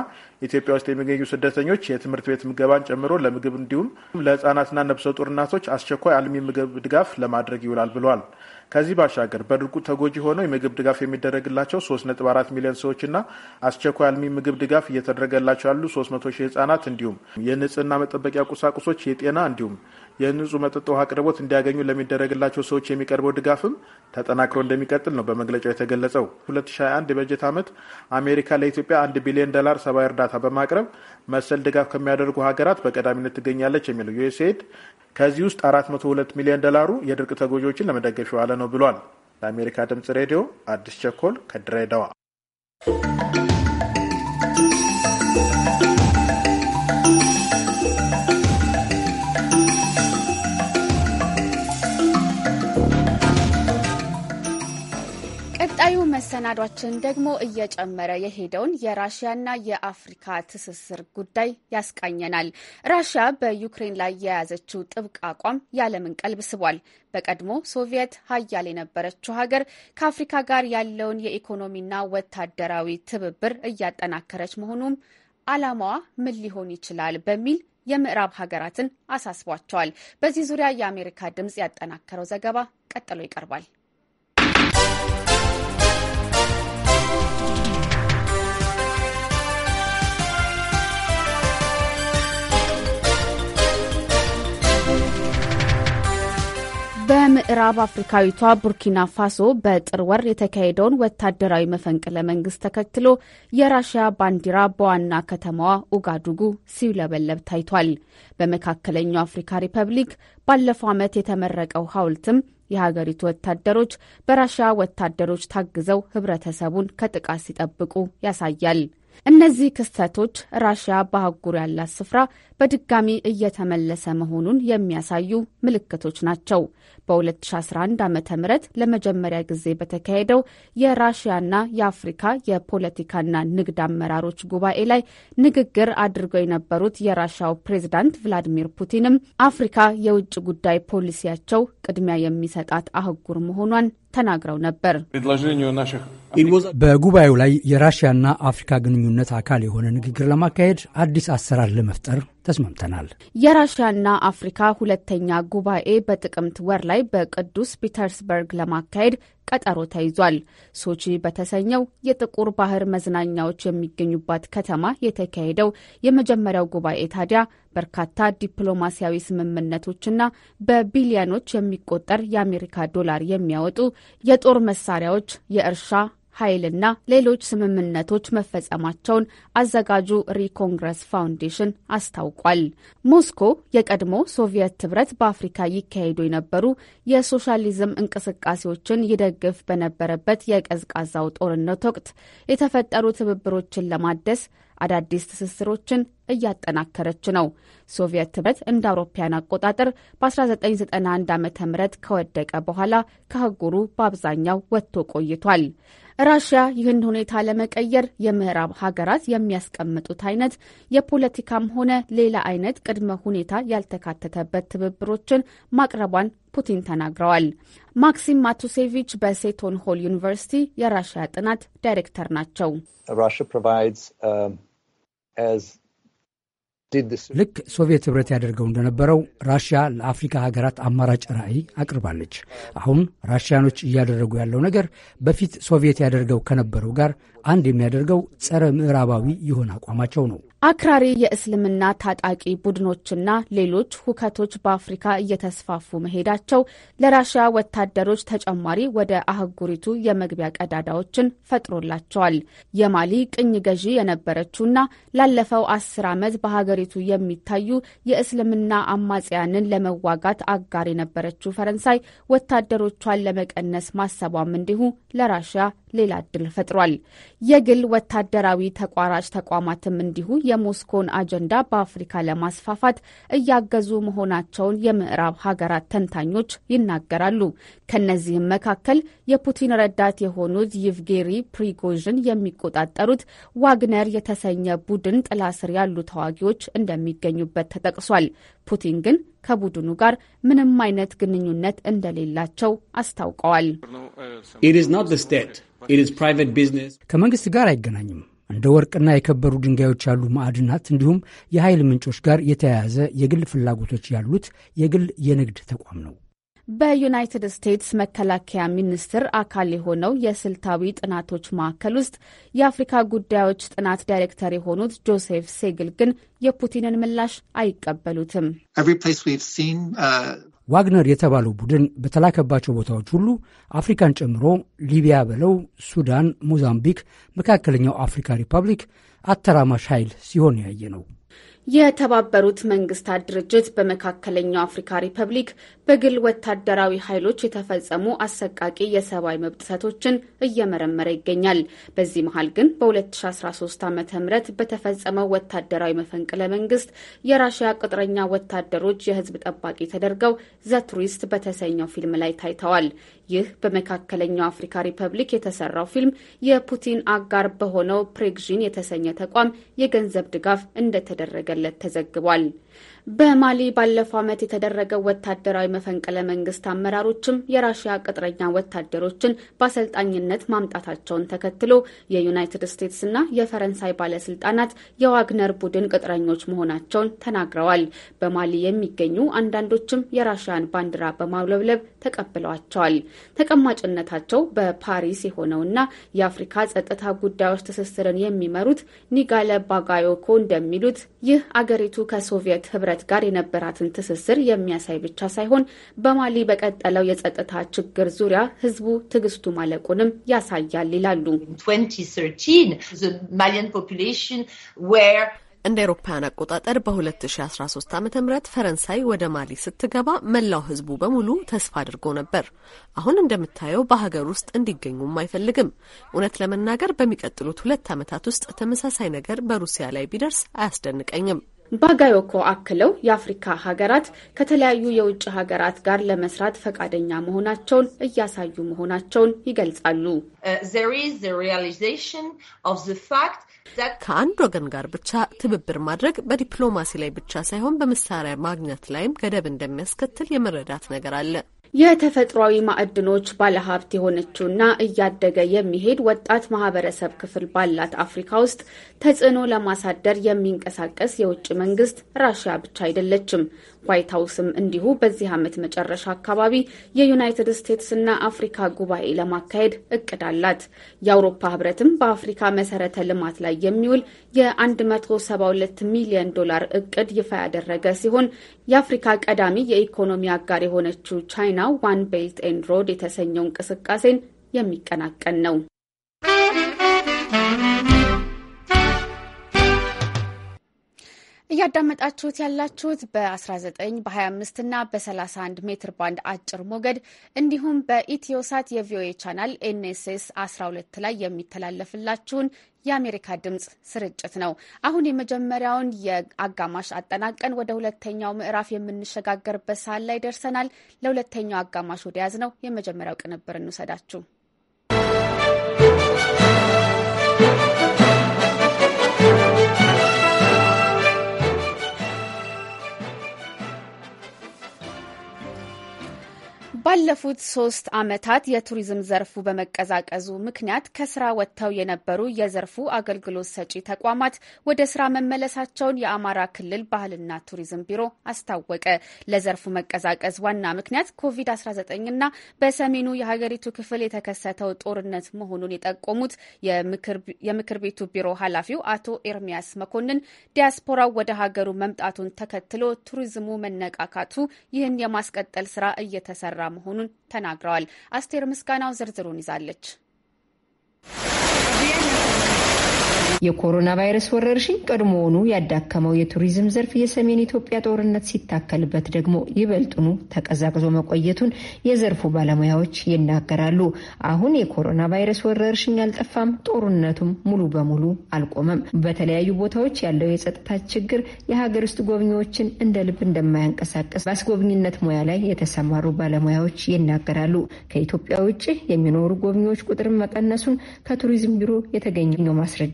ኢትዮጵያ ውስጥ የሚገኙ ስደተኞች የትምህርት ቤት ምገባን ጨምሮ ለምግብ እንዲሁም ለህጻናትና ነብሰ ጡር እናቶች አስቸኳይ አልሚ ምግብ ድጋፍ ለማድረግ ይውላል ብለል። ከዚህ ባሻገር በድርቁ ተጎጂ ሆነው የምግብ ድጋፍ የሚደረግላቸው 3.4 ሚሊዮን ሰዎችና አስቸኳይ አልሚ ምግብ ድጋፍ እየተደረገላቸው ያሉ 300 ሺህ ህጻናት እንዲሁም የንጽህና መጠበቂያ ቁሳቁሶች፣ የጤና እንዲሁም የንጹህ መጠጥ ውሃ አቅርቦት እንዲያገኙ ለሚደረግላቸው ሰዎች የሚቀርበው ድጋፍም ተጠናክሮ እንደሚቀጥል ነው በመግለጫው የተገለጸው። 2021 የበጀት ዓመት አሜሪካ ለኢትዮጵያ አንድ ቢሊዮን ዶላር ሰብአዊ እርዳታ በማቅረብ መሰል ድጋፍ ከሚያደርጉ ሀገራት በቀዳሚነት ትገኛለች የሚለው ዩኤስኤድ ከዚህ ውስጥ 402 ሚሊዮን ዶላሩ የድርቅ ተጎጂዎችን ለመደገፍ የዋለ ነው ብሏል። ለአሜሪካ ድምጽ ሬዲዮ አዲስ ቸኮል ከድሬዳዋ ቀጣዩ መሰናዷችን ደግሞ እየጨመረ የሄደውን የራሽያና የአፍሪካ ትስስር ጉዳይ ያስቃኘናል። ራሽያ በዩክሬን ላይ የያዘችው ጥብቅ አቋም የዓለምን ቀልብ ስቧል። በቀድሞ ሶቪየት ሀያል የነበረችው ሀገር ከአፍሪካ ጋር ያለውን የኢኮኖሚና ወታደራዊ ትብብር እያጠናከረች መሆኑም ዓላማዋ ምን ሊሆን ይችላል በሚል የምዕራብ ሀገራትን አሳስቧቸዋል። በዚህ ዙሪያ የአሜሪካ ድምጽ ያጠናከረው ዘገባ ቀጥሎ ይቀርባል። በምዕራብ አፍሪካዊቷ ቡርኪና ፋሶ በጥር ወር የተካሄደውን ወታደራዊ መፈንቅለ መንግስት ተከትሎ የራሽያ ባንዲራ በዋና ከተማዋ ኡጋዱጉ ሲውለበለብ ታይቷል። በመካከለኛው አፍሪካ ሪፐብሊክ ባለፈው ዓመት የተመረቀው ሐውልትም የሀገሪቱ ወታደሮች በራሽያ ወታደሮች ታግዘው ህብረተሰቡን ከጥቃት ሲጠብቁ ያሳያል። እነዚህ ክስተቶች ራሽያ በአህጉር ያላት ስፍራ በድጋሚ እየተመለሰ መሆኑን የሚያሳዩ ምልክቶች ናቸው። በ2011 ዓ ም ለመጀመሪያ ጊዜ በተካሄደው የራሽያና የአፍሪካ የፖለቲካና ንግድ አመራሮች ጉባኤ ላይ ንግግር አድርገው የነበሩት የራሽያው ፕሬዝዳንት ቭላዲሚር ፑቲንም አፍሪካ የውጭ ጉዳይ ፖሊሲያቸው ቅድሚያ የሚሰጣት አህጉር መሆኗን ተናግረው ነበር። በጉባኤው ላይ የራሽያና አፍሪካ ግንኙነት አካል የሆነ ንግግር ለማካሄድ አዲስ አሰራር ለመፍጠር ተስማምተናል። የራሽያና አፍሪካ ሁለተኛ ጉባኤ በጥቅምት ወር ላይ በቅዱስ ፒተርስበርግ ለማካሄድ ቀጠሮ ተይዟል። ሶቺ በተሰኘው የጥቁር ባህር መዝናኛዎች የሚገኙባት ከተማ የተካሄደው የመጀመሪያው ጉባኤ ታዲያ በርካታ ዲፕሎማሲያዊ ስምምነቶችና በቢሊዮኖች የሚቆጠር የአሜሪካ ዶላር የሚያወጡ የጦር መሳሪያዎች፣ የእርሻ ኃይልና ሌሎች ስምምነቶች መፈጸማቸውን አዘጋጁ ሪኮንግረስ ፋውንዴሽን አስታውቋል። ሞስኮ የቀድሞ ሶቪየት ህብረት በአፍሪካ ይካሄዱ የነበሩ የሶሻሊዝም እንቅስቃሴዎችን ይደግፍ በነበረበት የቀዝቃዛው ጦርነት ወቅት የተፈጠሩ ትብብሮችን ለማደስ አዳዲስ ትስስሮችን እያጠናከረች ነው። ሶቪየት ህብረት እንደ አውሮፓያን አቆጣጠር በ1991 ዓ ም ከወደቀ በኋላ ከአህጉሩ በአብዛኛው ወጥቶ ቆይቷል። ራሽያ ይህን ሁኔታ ለመቀየር የምዕራብ ሀገራት የሚያስቀምጡት አይነት የፖለቲካም ሆነ ሌላ አይነት ቅድመ ሁኔታ ያልተካተተበት ትብብሮችን ማቅረቧን ፑቲን ተናግረዋል። ማክሲም ማቱሴቪች በሴቶን ሆል ዩኒቨርሲቲ የራሽያ ጥናት ዳይሬክተር ናቸው። ልክ ሶቪየት ኅብረት ያደርገው እንደነበረው ራሽያ ለአፍሪካ ሀገራት አማራጭ ራዕይ አቅርባለች። አሁን ራሽያኖች እያደረጉ ያለው ነገር በፊት ሶቪየት ያደርገው ከነበረው ጋር አንድ የሚያደርገው ጸረ ምዕራባዊ የሆነ አቋማቸው ነው። አክራሪ የእስልምና ታጣቂ ቡድኖችና ሌሎች ሁከቶች በአፍሪካ እየተስፋፉ መሄዳቸው ለራሽያ ወታደሮች ተጨማሪ ወደ አህጉሪቱ የመግቢያ ቀዳዳዎችን ፈጥሮላቸዋል። የማሊ ቅኝ ገዢ የነበረችውና ላለፈው አስር ዓመት በሀገሪቱ የሚታዩ የእስልምና አማጽያንን ለመዋጋት አጋር የነበረችው ፈረንሳይ ወታደሮቿን ለመቀነስ ማሰቧም እንዲሁ ለራሽያ ሌላ እድል ፈጥሯል። የግል ወታደራዊ ተቋራጭ ተቋማትም እንዲሁ የሞስኮን አጀንዳ በአፍሪካ ለማስፋፋት እያገዙ መሆናቸውን የምዕራብ ሀገራት ተንታኞች ይናገራሉ። ከነዚህም መካከል የፑቲን ረዳት የሆኑት ይቭጌሪ ፕሪጎዥን የሚቆጣጠሩት ዋግነር የተሰኘ ቡድን ጥላ ስር ያሉ ተዋጊዎች እንደሚገኙበት ተጠቅሷል። ፑቲን ግን ከቡድኑ ጋር ምንም አይነት ግንኙነት እንደሌላቸው አስታውቀዋል። ከመንግስት ጋር አይገናኝም። እንደ ወርቅና የከበሩ ድንጋዮች ያሉ ማዕድናት እንዲሁም የኃይል ምንጮች ጋር የተያያዘ የግል ፍላጎቶች ያሉት የግል የንግድ ተቋም ነው። በዩናይትድ ስቴትስ መከላከያ ሚኒስቴር አካል የሆነው የስልታዊ ጥናቶች ማዕከል ውስጥ የአፍሪካ ጉዳዮች ጥናት ዳይሬክተር የሆኑት ጆሴፍ ሴግል ግን የፑቲንን ምላሽ አይቀበሉትም። ዋግነር የተባለው ቡድን በተላከባቸው ቦታዎች ሁሉ አፍሪካን ጨምሮ ሊቢያ በለው ሱዳን፣ ሞዛምቢክ፣ መካከለኛው አፍሪካ ሪፐብሊክ አተራማሽ ኃይል ሲሆን ያየ ነው። የተባበሩት መንግስታት ድርጅት በመካከለኛው አፍሪካ ሪፐብሊክ በግል ወታደራዊ ኃይሎች የተፈጸሙ አሰቃቂ የሰብአዊ መብት ጥሰቶችን እየመረመረ ይገኛል። በዚህ መሀል ግን በ2013 ዓ ም በተፈጸመው ወታደራዊ መፈንቅለ መንግስት የራሽያ ቅጥረኛ ወታደሮች የህዝብ ጠባቂ ተደርገው ዘቱሪስት በተሰኘው ፊልም ላይ ታይተዋል። ይህ በመካከለኛው አፍሪካ ሪፐብሊክ የተሰራው ፊልም የፑቲን አጋር በሆነው ፕሬግዢን የተሰኘ ተቋም የገንዘብ ድጋፍ እንደተደረገ እንደተደረገለት ተዘግቧል። በማሊ ባለፈው ዓመት የተደረገው ወታደራዊ መፈንቅለ መንግስት አመራሮችም የራሽያ ቅጥረኛ ወታደሮችን በአሰልጣኝነት ማምጣታቸውን ተከትሎ የዩናይትድ ስቴትስ እና የፈረንሳይ ባለስልጣናት የዋግነር ቡድን ቅጥረኞች መሆናቸውን ተናግረዋል። በማሊ የሚገኙ አንዳንዶችም የራሽያን ባንዲራ በማውለብለብ ተቀብለዋቸዋል። ተቀማጭነታቸው በፓሪስ የሆነውና የአፍሪካ ጸጥታ ጉዳዮች ትስስርን የሚመሩት ኒጋለ ባጋዮኮ እንደሚሉት ይህ አገሪቱ ከሶቪየት ህብረ ህብረት ጋር የነበራትን ትስስር የሚያሳይ ብቻ ሳይሆን በማሊ በቀጠለው የጸጥታ ችግር ዙሪያ ህዝቡ ትዕግስቱ ማለቁንም ያሳያል ይላሉ። እንደ አውሮፓውያን አቆጣጠር በ2013 ዓ ም ፈረንሳይ ወደ ማሊ ስትገባ መላው ህዝቡ በሙሉ ተስፋ አድርጎ ነበር። አሁን እንደምታየው በሀገር ውስጥ እንዲገኙም አይፈልግም። እውነት ለመናገር በሚቀጥሉት ሁለት ዓመታት ውስጥ ተመሳሳይ ነገር በሩሲያ ላይ ቢደርስ አያስደንቀኝም። ባጋዮኮ አክለው የአፍሪካ ሀገራት ከተለያዩ የውጭ ሀገራት ጋር ለመስራት ፈቃደኛ መሆናቸውን እያሳዩ መሆናቸውን ይገልጻሉ። ከአንድ ወገን ጋር ብቻ ትብብር ማድረግ በዲፕሎማሲ ላይ ብቻ ሳይሆን በመሳሪያ ማግኘት ላይም ገደብ እንደሚያስከትል የመረዳት ነገር አለ። የተፈጥሯዊ ማዕድኖች ባለሀብት የሆነችውና እያደገ የሚሄድ ወጣት ማህበረሰብ ክፍል ባላት አፍሪካ ውስጥ ተጽዕኖ ለማሳደር የሚንቀሳቀስ የውጭ መንግስት ራሽያ ብቻ አይደለችም። ዋይት ሀውስም እንዲሁ በዚህ ዓመት መጨረሻ አካባቢ የዩናይትድ ስቴትስና አፍሪካ ጉባኤ ለማካሄድ እቅድ አላት። የአውሮፓ ህብረትም በአፍሪካ መሰረተ ልማት ላይ የሚውል የ172 ሚሊዮን ዶላር እቅድ ይፋ ያደረገ ሲሆን የአፍሪካ ቀዳሚ የኢኮኖሚ አጋር የሆነችው ቻይና ዋን ቤልት ኤንድ ሮድ የተሰኘው እንቅስቃሴን የሚቀናቀን ነው። እያዳመጣችሁት ያላችሁት በ19 በ25 እና በ31 ሜትር ባንድ አጭር ሞገድ እንዲሁም በኢትዮሳት የቪኦኤ ቻናል ኤንኤስኤስ 12 ላይ የሚተላለፍላችሁን የአሜሪካ ድምፅ ስርጭት ነው። አሁን የመጀመሪያውን የአጋማሽ አጠናቀን ወደ ሁለተኛው ምዕራፍ የምንሸጋገርበት ሰዓት ላይ ደርሰናል። ለሁለተኛው አጋማሽ ወደ ያዝ ነው የመጀመሪያው ቅንብር እንውሰዳችሁ። ባለፉት ሶስት ዓመታት የቱሪዝም ዘርፉ በመቀዛቀዙ ምክንያት ከስራ ወጥተው የነበሩ የዘርፉ አገልግሎት ሰጪ ተቋማት ወደ ስራ መመለሳቸውን የአማራ ክልል ባህልና ቱሪዝም ቢሮ አስታወቀ። ለዘርፉ መቀዛቀዝ ዋና ምክንያት ኮቪድ-19ና በሰሜኑ የሀገሪቱ ክፍል የተከሰተው ጦርነት መሆኑን የጠቆሙት የምክር ቤቱ ቢሮ ኃላፊው አቶ ኤርሚያስ መኮንን ዲያስፖራው ወደ ሀገሩ መምጣቱን ተከትሎ ቱሪዝሙ መነቃካቱ ይህን የማስቀጠል ስራ እየተሰራ መሆኑን ተናግረዋል። አስቴር ምስጋናው ዝርዝሩን ይዛለች። የኮሮና ቫይረስ ወረርሽኝ ቀድሞውኑ ያዳከመው የቱሪዝም ዘርፍ የሰሜን ኢትዮጵያ ጦርነት ሲታከልበት ደግሞ ይበልጥኑ ተቀዛቅዞ መቆየቱን የዘርፉ ባለሙያዎች ይናገራሉ። አሁን የኮሮና ቫይረስ ወረርሽኝ አልጠፋም፣ ጦርነቱም ሙሉ በሙሉ አልቆመም። በተለያዩ ቦታዎች ያለው የጸጥታ ችግር የሀገር ውስጥ ጎብኚዎችን እንደ ልብ እንደማያንቀሳቀስ በአስጎብኝነት ሙያ ላይ የተሰማሩ ባለሙያዎች ይናገራሉ። ከኢትዮጵያ ውጭ የሚኖሩ ጎብኚዎች ቁጥር መቀነሱን ከቱሪዝም ቢሮ የተገኘው ማስረጃ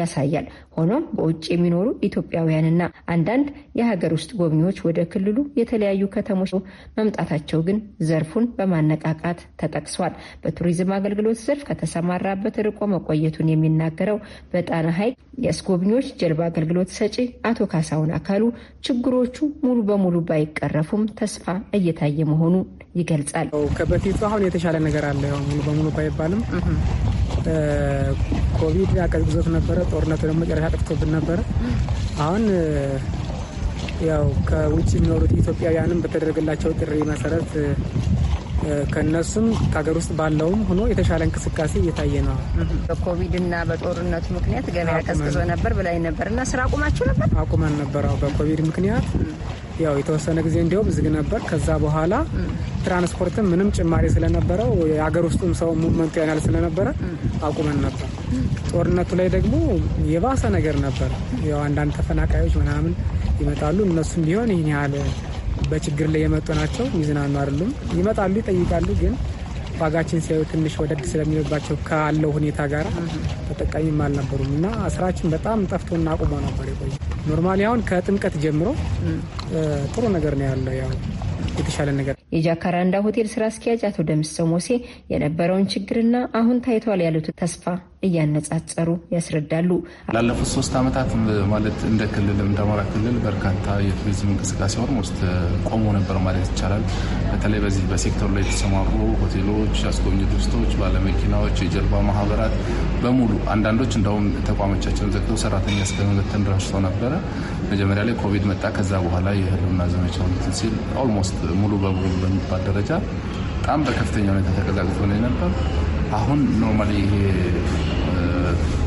ያሳያል። ሆኖም በውጭ የሚኖሩ ኢትዮጵያውያንና አንዳንድ የሀገር ውስጥ ጎብኚዎች ወደ ክልሉ የተለያዩ ከተሞች መምጣታቸው ግን ዘርፉን በማነቃቃት ተጠቅሷል። በቱሪዝም አገልግሎት ዘርፍ ከተሰማራበት ርቆ መቆየቱን የሚናገረው በጣና ሐይቅ የአስጎብኚዎች ጀልባ አገልግሎት ሰጪ አቶ ካሳሁን አካሉ ችግሮቹ ሙሉ በሙሉ ባይቀረፉም ተስፋ እየታየ መሆኑ ይገልጻል። ከበፊቱ አሁን የተሻለ ነገር አለ። ሙሉ በሙሉ ባይባልም ኮቪድ አቀዝቅዞት ነበረ። ጦርነቱ ደግሞ መጨረሻ ጠፍቶብን ነበረ። አሁን ያው ከውጭ የሚኖሩት ኢትዮጵያውያንም በተደረገላቸው ጥሪ መሰረት ከነሱም ከሀገር ውስጥ ባለውም ሆኖ የተሻለ እንቅስቃሴ እየታየ ነው። በኮቪድ እና በጦርነቱ ምክንያት ገበያ ቀዝቅዞ ነበር ብላይ ነበር እና ስራ አቁማችሁ ነበር? አቁመን ነበር በኮቪድ ምክንያት ያው የተወሰነ ጊዜ እንዲሁም ዝግ ነበር። ከዛ በኋላ ትራንስፖርትም ምንም ጭማሪ ስለነበረው የሀገር ውስጡም ሰው ሙቭመንቱ ያናል ስለነበረ አቁመን ነበር። ጦርነቱ ላይ ደግሞ የባሰ ነገር ነበር። ያው አንዳንድ ተፈናቃዮች ምናምን ይመጣሉ። እነሱም ቢሆን ይህን ያህል በችግር ላይ የመጡ ናቸው። ይዝናኑ አይደሉም። ይመጣሉ፣ ይጠይቃሉ ግን ዋጋችን ሲያዩ ትንሽ ወደድ ስለሚልባቸው ካለው ሁኔታ ጋር ተጠቃሚም አልነበሩም እና ስራችን በጣም ጠፍቶና አቁሞ ነበር የቆየ ኖርማሊ አሁን ከጥምቀት ጀምሮ ጥሩ ነገር ነው ያለው ያው የተሻለ ነገር የጃካራንዳ ሆቴል ስራ አስኪያጅ አቶ ደምሰው ሞሴ የነበረውን ችግርና አሁን ታይቷል ያሉት ተስፋ እያነጻጸሩ ያስረዳሉ። ላለፉት ሶስት ዓመታት ማለት እንደ ክልል እንደ አማራ ክልል በርካታ የቱሪዝም እንቅስቃሴ ኦልሞስት ቆሞ ነበር ማለት ይቻላል። በተለይ በዚህ በሴክተሩ ላይ የተሰማሩ ሆቴሎች፣ አስጎብኚ ድርጅቶች፣ ባለመኪናዎች፣ የጀልባ ማህበራት በሙሉ አንዳንዶች እንደውም ተቋሞቻቸውን ዘግተው ሰራተኛ እስከመበተን ደርሰው ነበረ። መጀመሪያ ላይ ኮቪድ መጣ። ከዛ በኋላ የህልውና ዘመቻው እንትን ሲል ኦልሞስት ሙሉ በሙሉ በሚባል ደረጃ በጣም በከፍተኛ ሁኔታ ተቀዛቅዞ ነው የነበር አሁን ኖርማሊ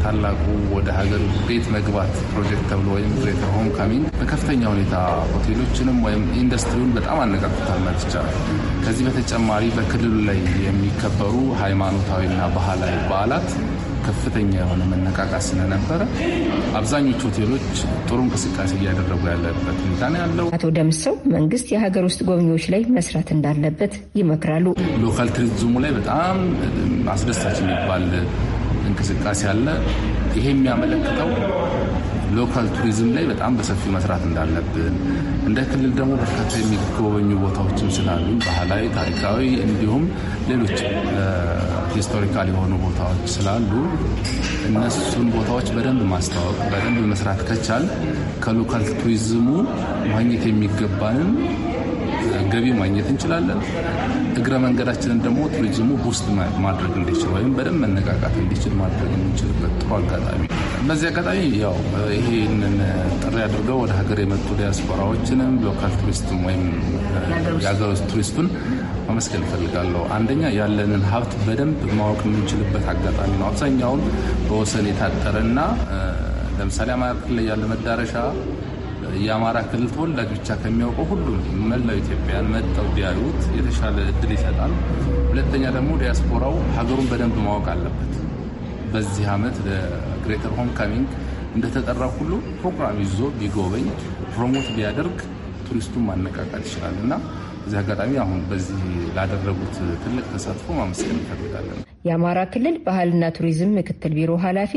ታላቁ ወደ ሀገር ቤት መግባት ፕሮጀክት ተብሎ ወይም ግሬተር ሆም ካሚንግ በከፍተኛ ሁኔታ ሆቴሎችንም ወይም ኢንዱስትሪውን በጣም አነቃቅቶታል ማለት ይቻላል። ከዚህ በተጨማሪ በክልሉ ላይ የሚከበሩ ሃይማኖታዊና ባህላዊ በዓላት ከፍተኛ የሆነ መነቃቃት ስለነበረ አብዛኞቹ ሆቴሎች ጥሩ እንቅስቃሴ እያደረጉ ያለበት ሁኔታ ነው ያለው። አቶ ደምሰው መንግስት የሀገር ውስጥ ጎብኚዎች ላይ መስራት እንዳለበት ይመክራሉ። ሎካል ቱሪዝሙ ላይ በጣም አስደሳች የሚባል እንቅስቃሴ አለ። ይሄ የሚያመለክተው ሎካል ቱሪዝም ላይ በጣም በሰፊው መስራት እንዳለብን እንደ ክልል ደግሞ በርካታ የሚጎበኙ ቦታዎችም ስላሉ ባህላዊ፣ ታሪካዊ እንዲሁም ሌሎች ሂስቶሪካል የሆኑ ቦታዎች ስላሉ እነሱን ቦታዎች በደንብ ማስተዋወቅ በደንብ መስራት ከቻል ከሎካል ቱሪዝሙ ማግኘት የሚገባንን ገቢ ማግኘት እንችላለን። እግረ መንገዳችንን ደግሞ ቱሪዝሙ ቡስት ማድረግ እንዲችል ወይም በደንብ መነቃቃት እንዲችል ማድረግ የምንችልበት ጥሩ አጋጣሚ። በዚህ አጋጣሚ ያው ይህንን ጥሪ አድርገው ወደ ሀገር የመጡ ዲያስፖራዎችንም ሎካል ቱሪስትም ወይም የሀገር ውስጥ ቱሪስቱን ማመስገን እፈልጋለሁ። አንደኛ ያለንን ሀብት በደንብ ማወቅ የምንችልበት አጋጣሚ ነው። አብዛኛውን በወሰን የታጠረና ለምሳሌ አማራ ክልል ያለ መዳረሻ የአማራ ክልል ተወላጅ ብቻ ከሚያውቀው ሁሉ መላው ኢትዮጵያን መጠው ቢያዩት የተሻለ እድል ይሰጣል። ሁለተኛ ደግሞ ዲያስፖራው ሀገሩን በደንብ ማወቅ አለበት። በዚህ ዓመት ለግሬተር ሆም ካሚንግ እንደተጠራ ሁሉ ፕሮግራም ይዞ ቢጎበኝ ፕሮሞት ቢያደርግ ቱሪስቱን ማነቃቃት ይችላል እና በዚህ አጋጣሚ አሁን በዚህ ላደረጉት ትልቅ ተሳትፎ ማመስገን እንፈልጋለን። የአማራ ክልል ባህልና ቱሪዝም ምክትል ቢሮ ኃላፊ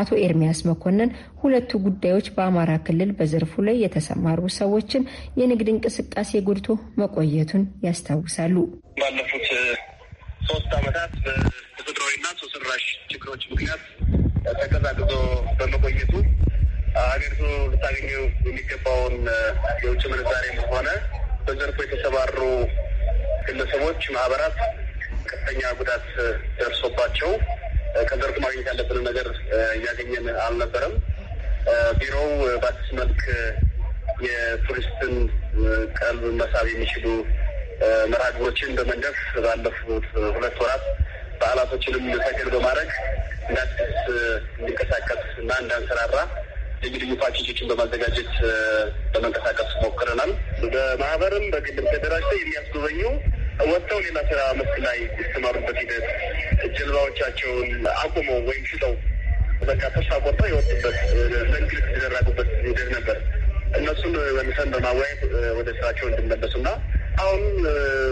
አቶ ኤርሚያስ መኮንን ሁለቱ ጉዳዮች በአማራ ክልል በዘርፉ ላይ የተሰማሩ ሰዎችን የንግድ እንቅስቃሴ ጎድቶ መቆየቱን ያስታውሳሉ። ባለፉት ሶስት ዓመታት በተፈጥሯዊና ሰው ሰራሽ ችግሮች ምክንያት ተቀዛቅዞ በመቆየቱ ሀገሪቱ ልታገኘው የሚገባውን የውጭ ምንዛሬም ሆነ በዘርፉ የተሰባሩ ግለሰቦች፣ ማህበራት ከፍተኛ ጉዳት ደርሶባቸው ከዘርፉ ማግኘት ያለብን ነገር እያገኘን አልነበረም። ቢሮው በአዲስ መልክ የቱሪስትን ቀልብ መሳብ የሚችሉ መርሃ ግብሮችን በመንደፍ ባለፉት ሁለት ወራት በዓላቶችንም ሰገድ በማድረግ እንዳዲስ እንዲንቀሳቀስ እና እንዳንሰራራ ልዩ ልዩ ፓኬጆችን በማዘጋጀት በመንቀሳቀስ ሞክረናል። በማህበርም በግልም ተደራጅተው የሚያስጎበኙ ወጥተው ሌላ ስራ መስክ ላይ የተማሩበት ሂደት ጀልባዎቻቸውን አቁመው ወይም ሽጠው በቃ ተስፋ ቆርጠው የወጡበት ለእንግልት የተደረጉበት ሂደት ነበር። እነሱን መልሰን በማወያየት ወደ ስራቸው እንድመለሱና አሁን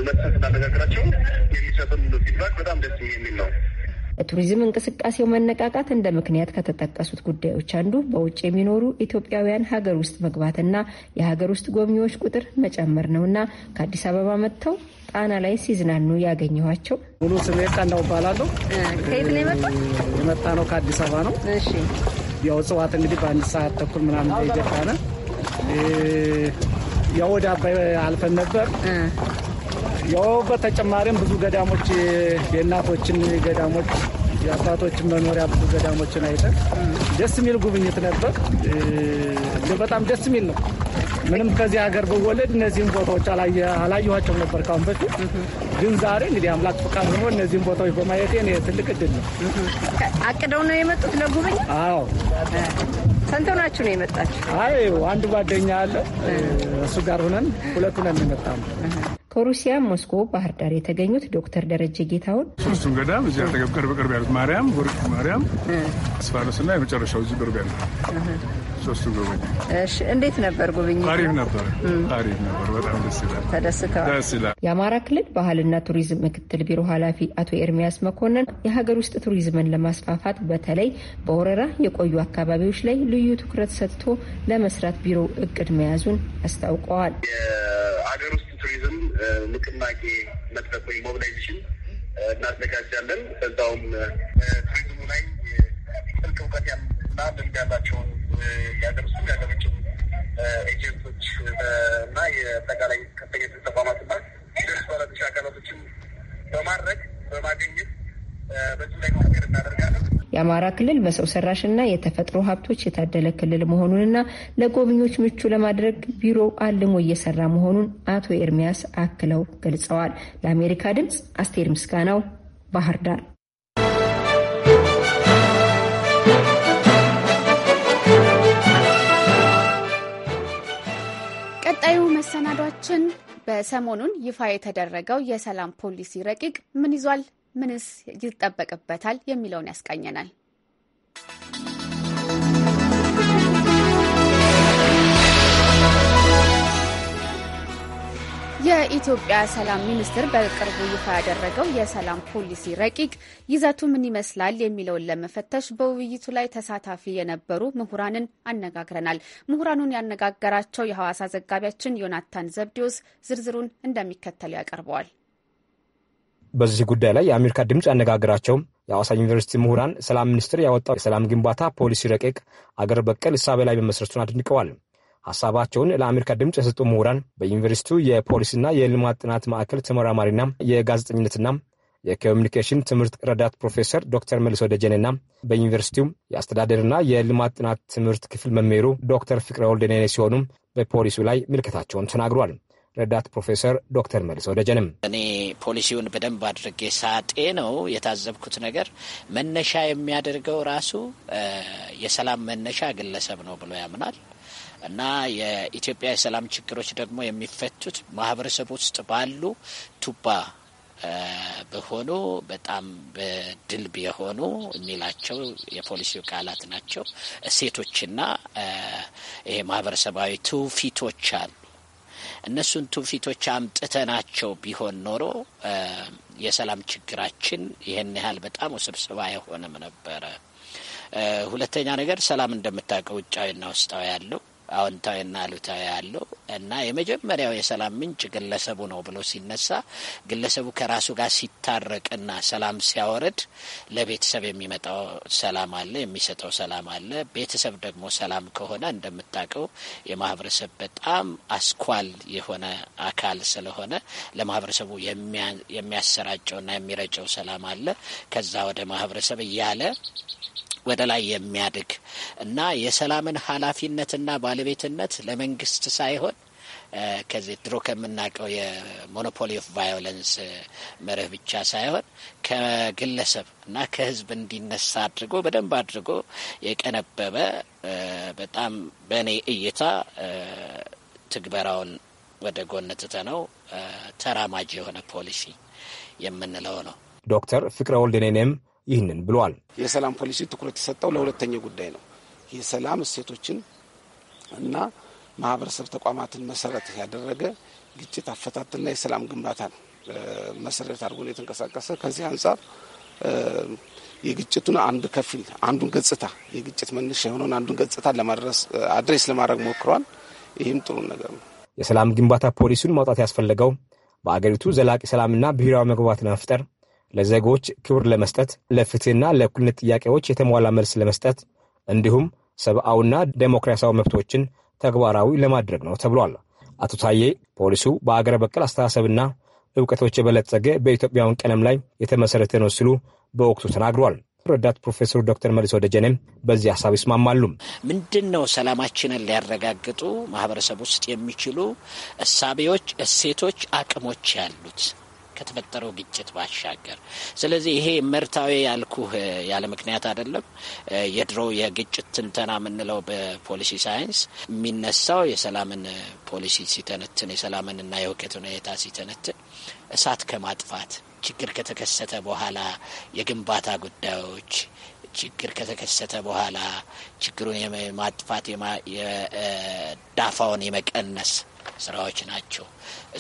መልሰን ስናነጋግራቸው የሚሰጡን ፊድባክ በጣም ደስ የሚል ነው። ለቱሪዝም እንቅስቃሴው መነቃቃት እንደ ምክንያት ከተጠቀሱት ጉዳዮች አንዱ በውጭ የሚኖሩ ኢትዮጵያውያን ሀገር ውስጥ መግባትና የሀገር ውስጥ ጎብኚዎች ቁጥር መጨመር ነውና ከአዲስ አበባ መጥተው ጣና ላይ ሲዝናኑ ያገኘኋቸው። ሙሉ ስሜ ቀናው እባላለሁ። ከየት ነው የመጣው? የመጣ ነው ከአዲስ አበባ ነው። ያው እጽዋት እንግዲህ በአንድ ሰዓት ተኩል ምናምን የገባ ያው ወደ አባይ አልፈን ነበር ያው በተጨማሪም ብዙ ገዳሞች የእናቶችን ገዳሞች የአባቶችን መኖሪያ ብዙ ገዳሞችን አይተን ደስ የሚል ጉብኝት ነበር። በጣም ደስ የሚል ነው። ምንም ከዚህ ሀገር ብወለድ እነዚህን ቦታዎች አላየኋቸው ነበር ካሁን በፊት። ግን ዛሬ እንግዲህ አምላክ ፈቃድ ሆኖ እነዚህን ቦታዎች በማየቴ ትልቅ እድል ነው። አቅደው ነው የመጡት ለጉብኝት? አዎ ስንት ሆናችሁ ነው የመጣችሁ? አይ አንዱ ጓደኛ አለ እሱ ጋር ሆነን ሁለቱ ነን የመጣ ነው። ከሩሲያ ሞስኮ ባህር ዳር የተገኙት ዶክተር ደረጀ ጌታሁን ሶስቱም ገዳም እዚህ አጠገብ ቅርብ ቅርብ ያሉት ማርያም፣ ወርቅ ማርያም፣ ስፋኖስ እና የመጨረሻው እዚህ ቅርብ ያሉት ሶስቱ ጉብኝት። እሺ፣ እንዴት ነበር ጉብኝት? አሪፍ ነበር፣ አሪፍ ነበር። በጣም ደስ ይላል። ተደስተዋል? ደስ ይላል። የአማራ ክልል ባህልና ቱሪዝም ምክትል ቢሮ ኃላፊ አቶ ኤርሚያስ መኮንን የሀገር ውስጥ ቱሪዝምን ለማስፋፋት በተለይ በወረራ የቆዩ አካባቢዎች ላይ ልዩ ትኩረት ሰጥቶ ለመስራት ቢሮ እቅድ መያዙን አስታውቀዋል። የሀገር ውስጥ ቱሪዝም ንቅናቄ መድረክ ወይ ሞቢላይዜሽን እናዘጋጃለን። በዛውም ቱሪዝሙ ላይ ጥልቅ እውቀት እና ልምድ ያላቸውን ኤጀንቶች እና የአጠቃላይ ከፍተኛ ተቋማት ና ባለድርሻ አካላቶችን በማድረግ በማገኘት በዚህ ላይ እናደርጋለን። የአማራ ክልል በሰው ሰራሽና የተፈጥሮ ሀብቶች የታደለ ክልል መሆኑንና ለጎብኚዎች ምቹ ለማድረግ ቢሮ አልሞ እየሰራ መሆኑን አቶ ኤርሚያስ አክለው ገልጸዋል። ለአሜሪካ ድምፅ አስቴር ምስጋናው ባህር ዳር ቀጣዩ መሰናዷችን በሰሞኑን ይፋ የተደረገው የሰላም ፖሊሲ ረቂቅ ምን ይዟል፣ ምንስ ይጠበቅበታል የሚለውን ያስቃኘናል። የኢትዮጵያ ሰላም ሚኒስቴር በቅርቡ ይፋ ያደረገው የሰላም ፖሊሲ ረቂቅ ይዘቱ ምን ይመስላል የሚለውን ለመፈተሽ በውይይቱ ላይ ተሳታፊ የነበሩ ምሁራንን አነጋግረናል። ምሁራኑን ያነጋገራቸው የሐዋሳ ዘጋቢያችን ዮናታን ዘብዲዎስ ዝርዝሩን እንደሚከተሉ ያቀርበዋል። በዚህ ጉዳይ ላይ የአሜሪካ ድምፅ ያነጋግራቸው የሐዋሳ ዩኒቨርሲቲ ምሁራን ሰላም ሚኒስቴር ያወጣው የሰላም ግንባታ ፖሊሲ ረቂቅ አገር በቀል እሳቤ ላይ መመስረቱን አድንቀዋል። ሀሳባቸውን ለአሜሪካ ድምፅ የሰጡ ምሁራን በዩኒቨርሲቲው የፖሊሲና የልማት ጥናት ማዕከል ተመራማሪና የጋዜጠኝነትና የኮሚኒኬሽን ትምህርት ረዳት ፕሮፌሰር ዶክተር መልሶ ደጀኔና በዩኒቨርሲቲው የአስተዳደርና የልማት ጥናት ትምህርት ክፍል መምህሩ ዶክተር ፍቅረ ወልደኔ ሲሆኑ በፖሊሱ ላይ ምልከታቸውን ተናግሯል። ረዳት ፕሮፌሰር ዶክተር መልሶ ደጀንም እኔ ፖሊሲውን በደንብ አድርጌ ሳጤ ነው የታዘብኩት ነገር መነሻ የሚያደርገው ራሱ የሰላም መነሻ ግለሰብ ነው ብሎ ያምናል። እና የኢትዮጵያ የሰላም ችግሮች ደግሞ የሚፈቱት ማህበረሰብ ውስጥ ባሉ ቱባ በሆኑ በጣም በድልብ የሆኑ የሚላቸው የፖሊሲው ቃላት ናቸው። እሴቶችና ይሄ ማህበረሰባዊ ትውፊቶች አሉ። እነሱን ትውፊቶች አምጥተናቸው ቢሆን ኖሮ የሰላም ችግራችን ይህን ያህል በጣም ውስብስብ አይሆንም ነበረ። ሁለተኛ ነገር ሰላም እንደምታውቀው ውጫዊና ውስጣዊ ያለው አዎንታዊና አሉታዊ አለው እና የመጀመሪያው የሰላም ምንጭ ግለሰቡ ነው ብሎ ሲነሳ ግለሰቡ ከራሱ ጋር ሲታረቅና ሰላም ሲያወርድ ለቤተሰብ የሚመጣው ሰላም አለ፣ የሚሰጠው ሰላም አለ። ቤተሰብ ደግሞ ሰላም ከሆነ እንደምታውቀው የማህበረሰብ በጣም አስኳል የሆነ አካል ስለሆነ ለማህበረሰቡ የሚያሰራጨውና የሚረጨው ሰላም አለ። ከዛ ወደ ማህበረሰብ እያለ ወደ ላይ የሚያድግ እና የሰላምን ኃላፊነትና ባለቤትነት ለመንግስት ሳይሆን ከዚህ ድሮ ከምናውቀው የሞኖፖሊ ኦፍ ቫዮለንስ መርህ ብቻ ሳይሆን ከግለሰብ እና ከህዝብ እንዲነሳ አድርጎ በደንብ አድርጎ የቀነበበ በጣም በእኔ እይታ ትግበራውን ወደ ጎን ትተነው ተራማጅ የሆነ ፖሊሲ የምንለው ነው። ዶክተር ፍቅረ ወልድኔንም ይህንን ብሏል። የሰላም ፖሊሲ ትኩረት የሰጠው ለሁለተኛ ጉዳይ ነው። የሰላም እሴቶችን እና ማህበረሰብ ተቋማትን መሰረት ያደረገ ግጭት አፈታትና የሰላም ግንባታን መሰረት አድርጎ ነው የተንቀሳቀሰ። ከዚህ አንጻር የግጭቱን አንድ ከፊል አንዱን ገጽታ የግጭት መነሻ የሆነውን አንዱን ገጽታ ለማድረስ አድሬስ ለማድረግ ሞክሯል። ይህም ጥሩ ነገር ነው። የሰላም ግንባታ ፖሊሲውን ማውጣት ያስፈለገው በአገሪቱ ዘላቂ ሰላምና ብሔራዊ መግባባትን መፍጠር ለዜጎች ክብር ለመስጠት ለፍትህና ለእኩልነት ጥያቄዎች የተሟላ መልስ ለመስጠት እንዲሁም ሰብአውና ዴሞክራሲያዊ መብቶችን ተግባራዊ ለማድረግ ነው ተብሏል። አቶ ታዬ ፖሊሱ በአገር በቀል አስተሳሰብና እውቀቶች የበለጸገ በኢትዮጵያውን ቀለም ላይ የተመሠረተ ነው ሲሉ በወቅቱ ተናግሯል። ረዳት ፕሮፌሰሩ ዶክተር መልሶ ደጀኔም በዚህ ሀሳብ ይስማማሉ። ምንድን ነው ሰላማችንን ሊያረጋግጡ ማህበረሰብ ውስጥ የሚችሉ እሳቤዎች፣ እሴቶች፣ አቅሞች ያሉት ከተፈጠረው ግጭት ባሻገር። ስለዚህ ይሄ መርታዊ ያልኩህ ያለ ምክንያት አይደለም። የድሮ የግጭት ትንተና የምንለው በፖሊሲ ሳይንስ የሚነሳው የሰላምን ፖሊሲ ሲተነትን የሰላምንና የውከትን ሁኔታ ሲተነትን እሳት ከማጥፋት ችግር ከተከሰተ በኋላ የግንባታ ጉዳዮች ችግር ከተከሰተ በኋላ ችግሩን የማጥፋት የዳፋውን የመቀነስ ስራዎች ናቸው።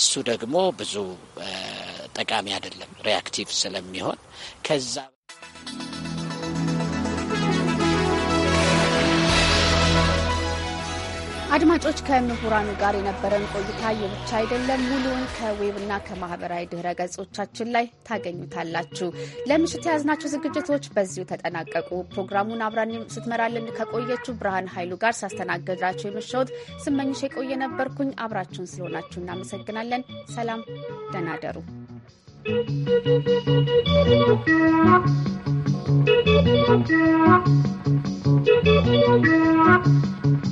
እሱ ደግሞ ብዙ ጠቃሚ አይደለም፣ ሪያክቲቭ ስለሚሆን ከዛ አድማጮች ከምሁራኑ ጋር የነበረን ቆይታ የብቻ አይደለም። ሙሉውን ከዌብና ከማህበራዊ ድህረ ገጾቻችን ላይ ታገኙታላችሁ። ለምሽት የያዝናቸው ዝግጅቶች በዚሁ ተጠናቀቁ። ፕሮግራሙን አብራን ስትመራልን ከቆየችው ብርሃን ኃይሉ ጋር ሳስተናገዳችሁ የምሽት ስመኝሽ የቆየ ነበርኩኝ። አብራችሁን ስለሆናችሁ እናመሰግናለን። ሰላም፣ ደህና ደሩ።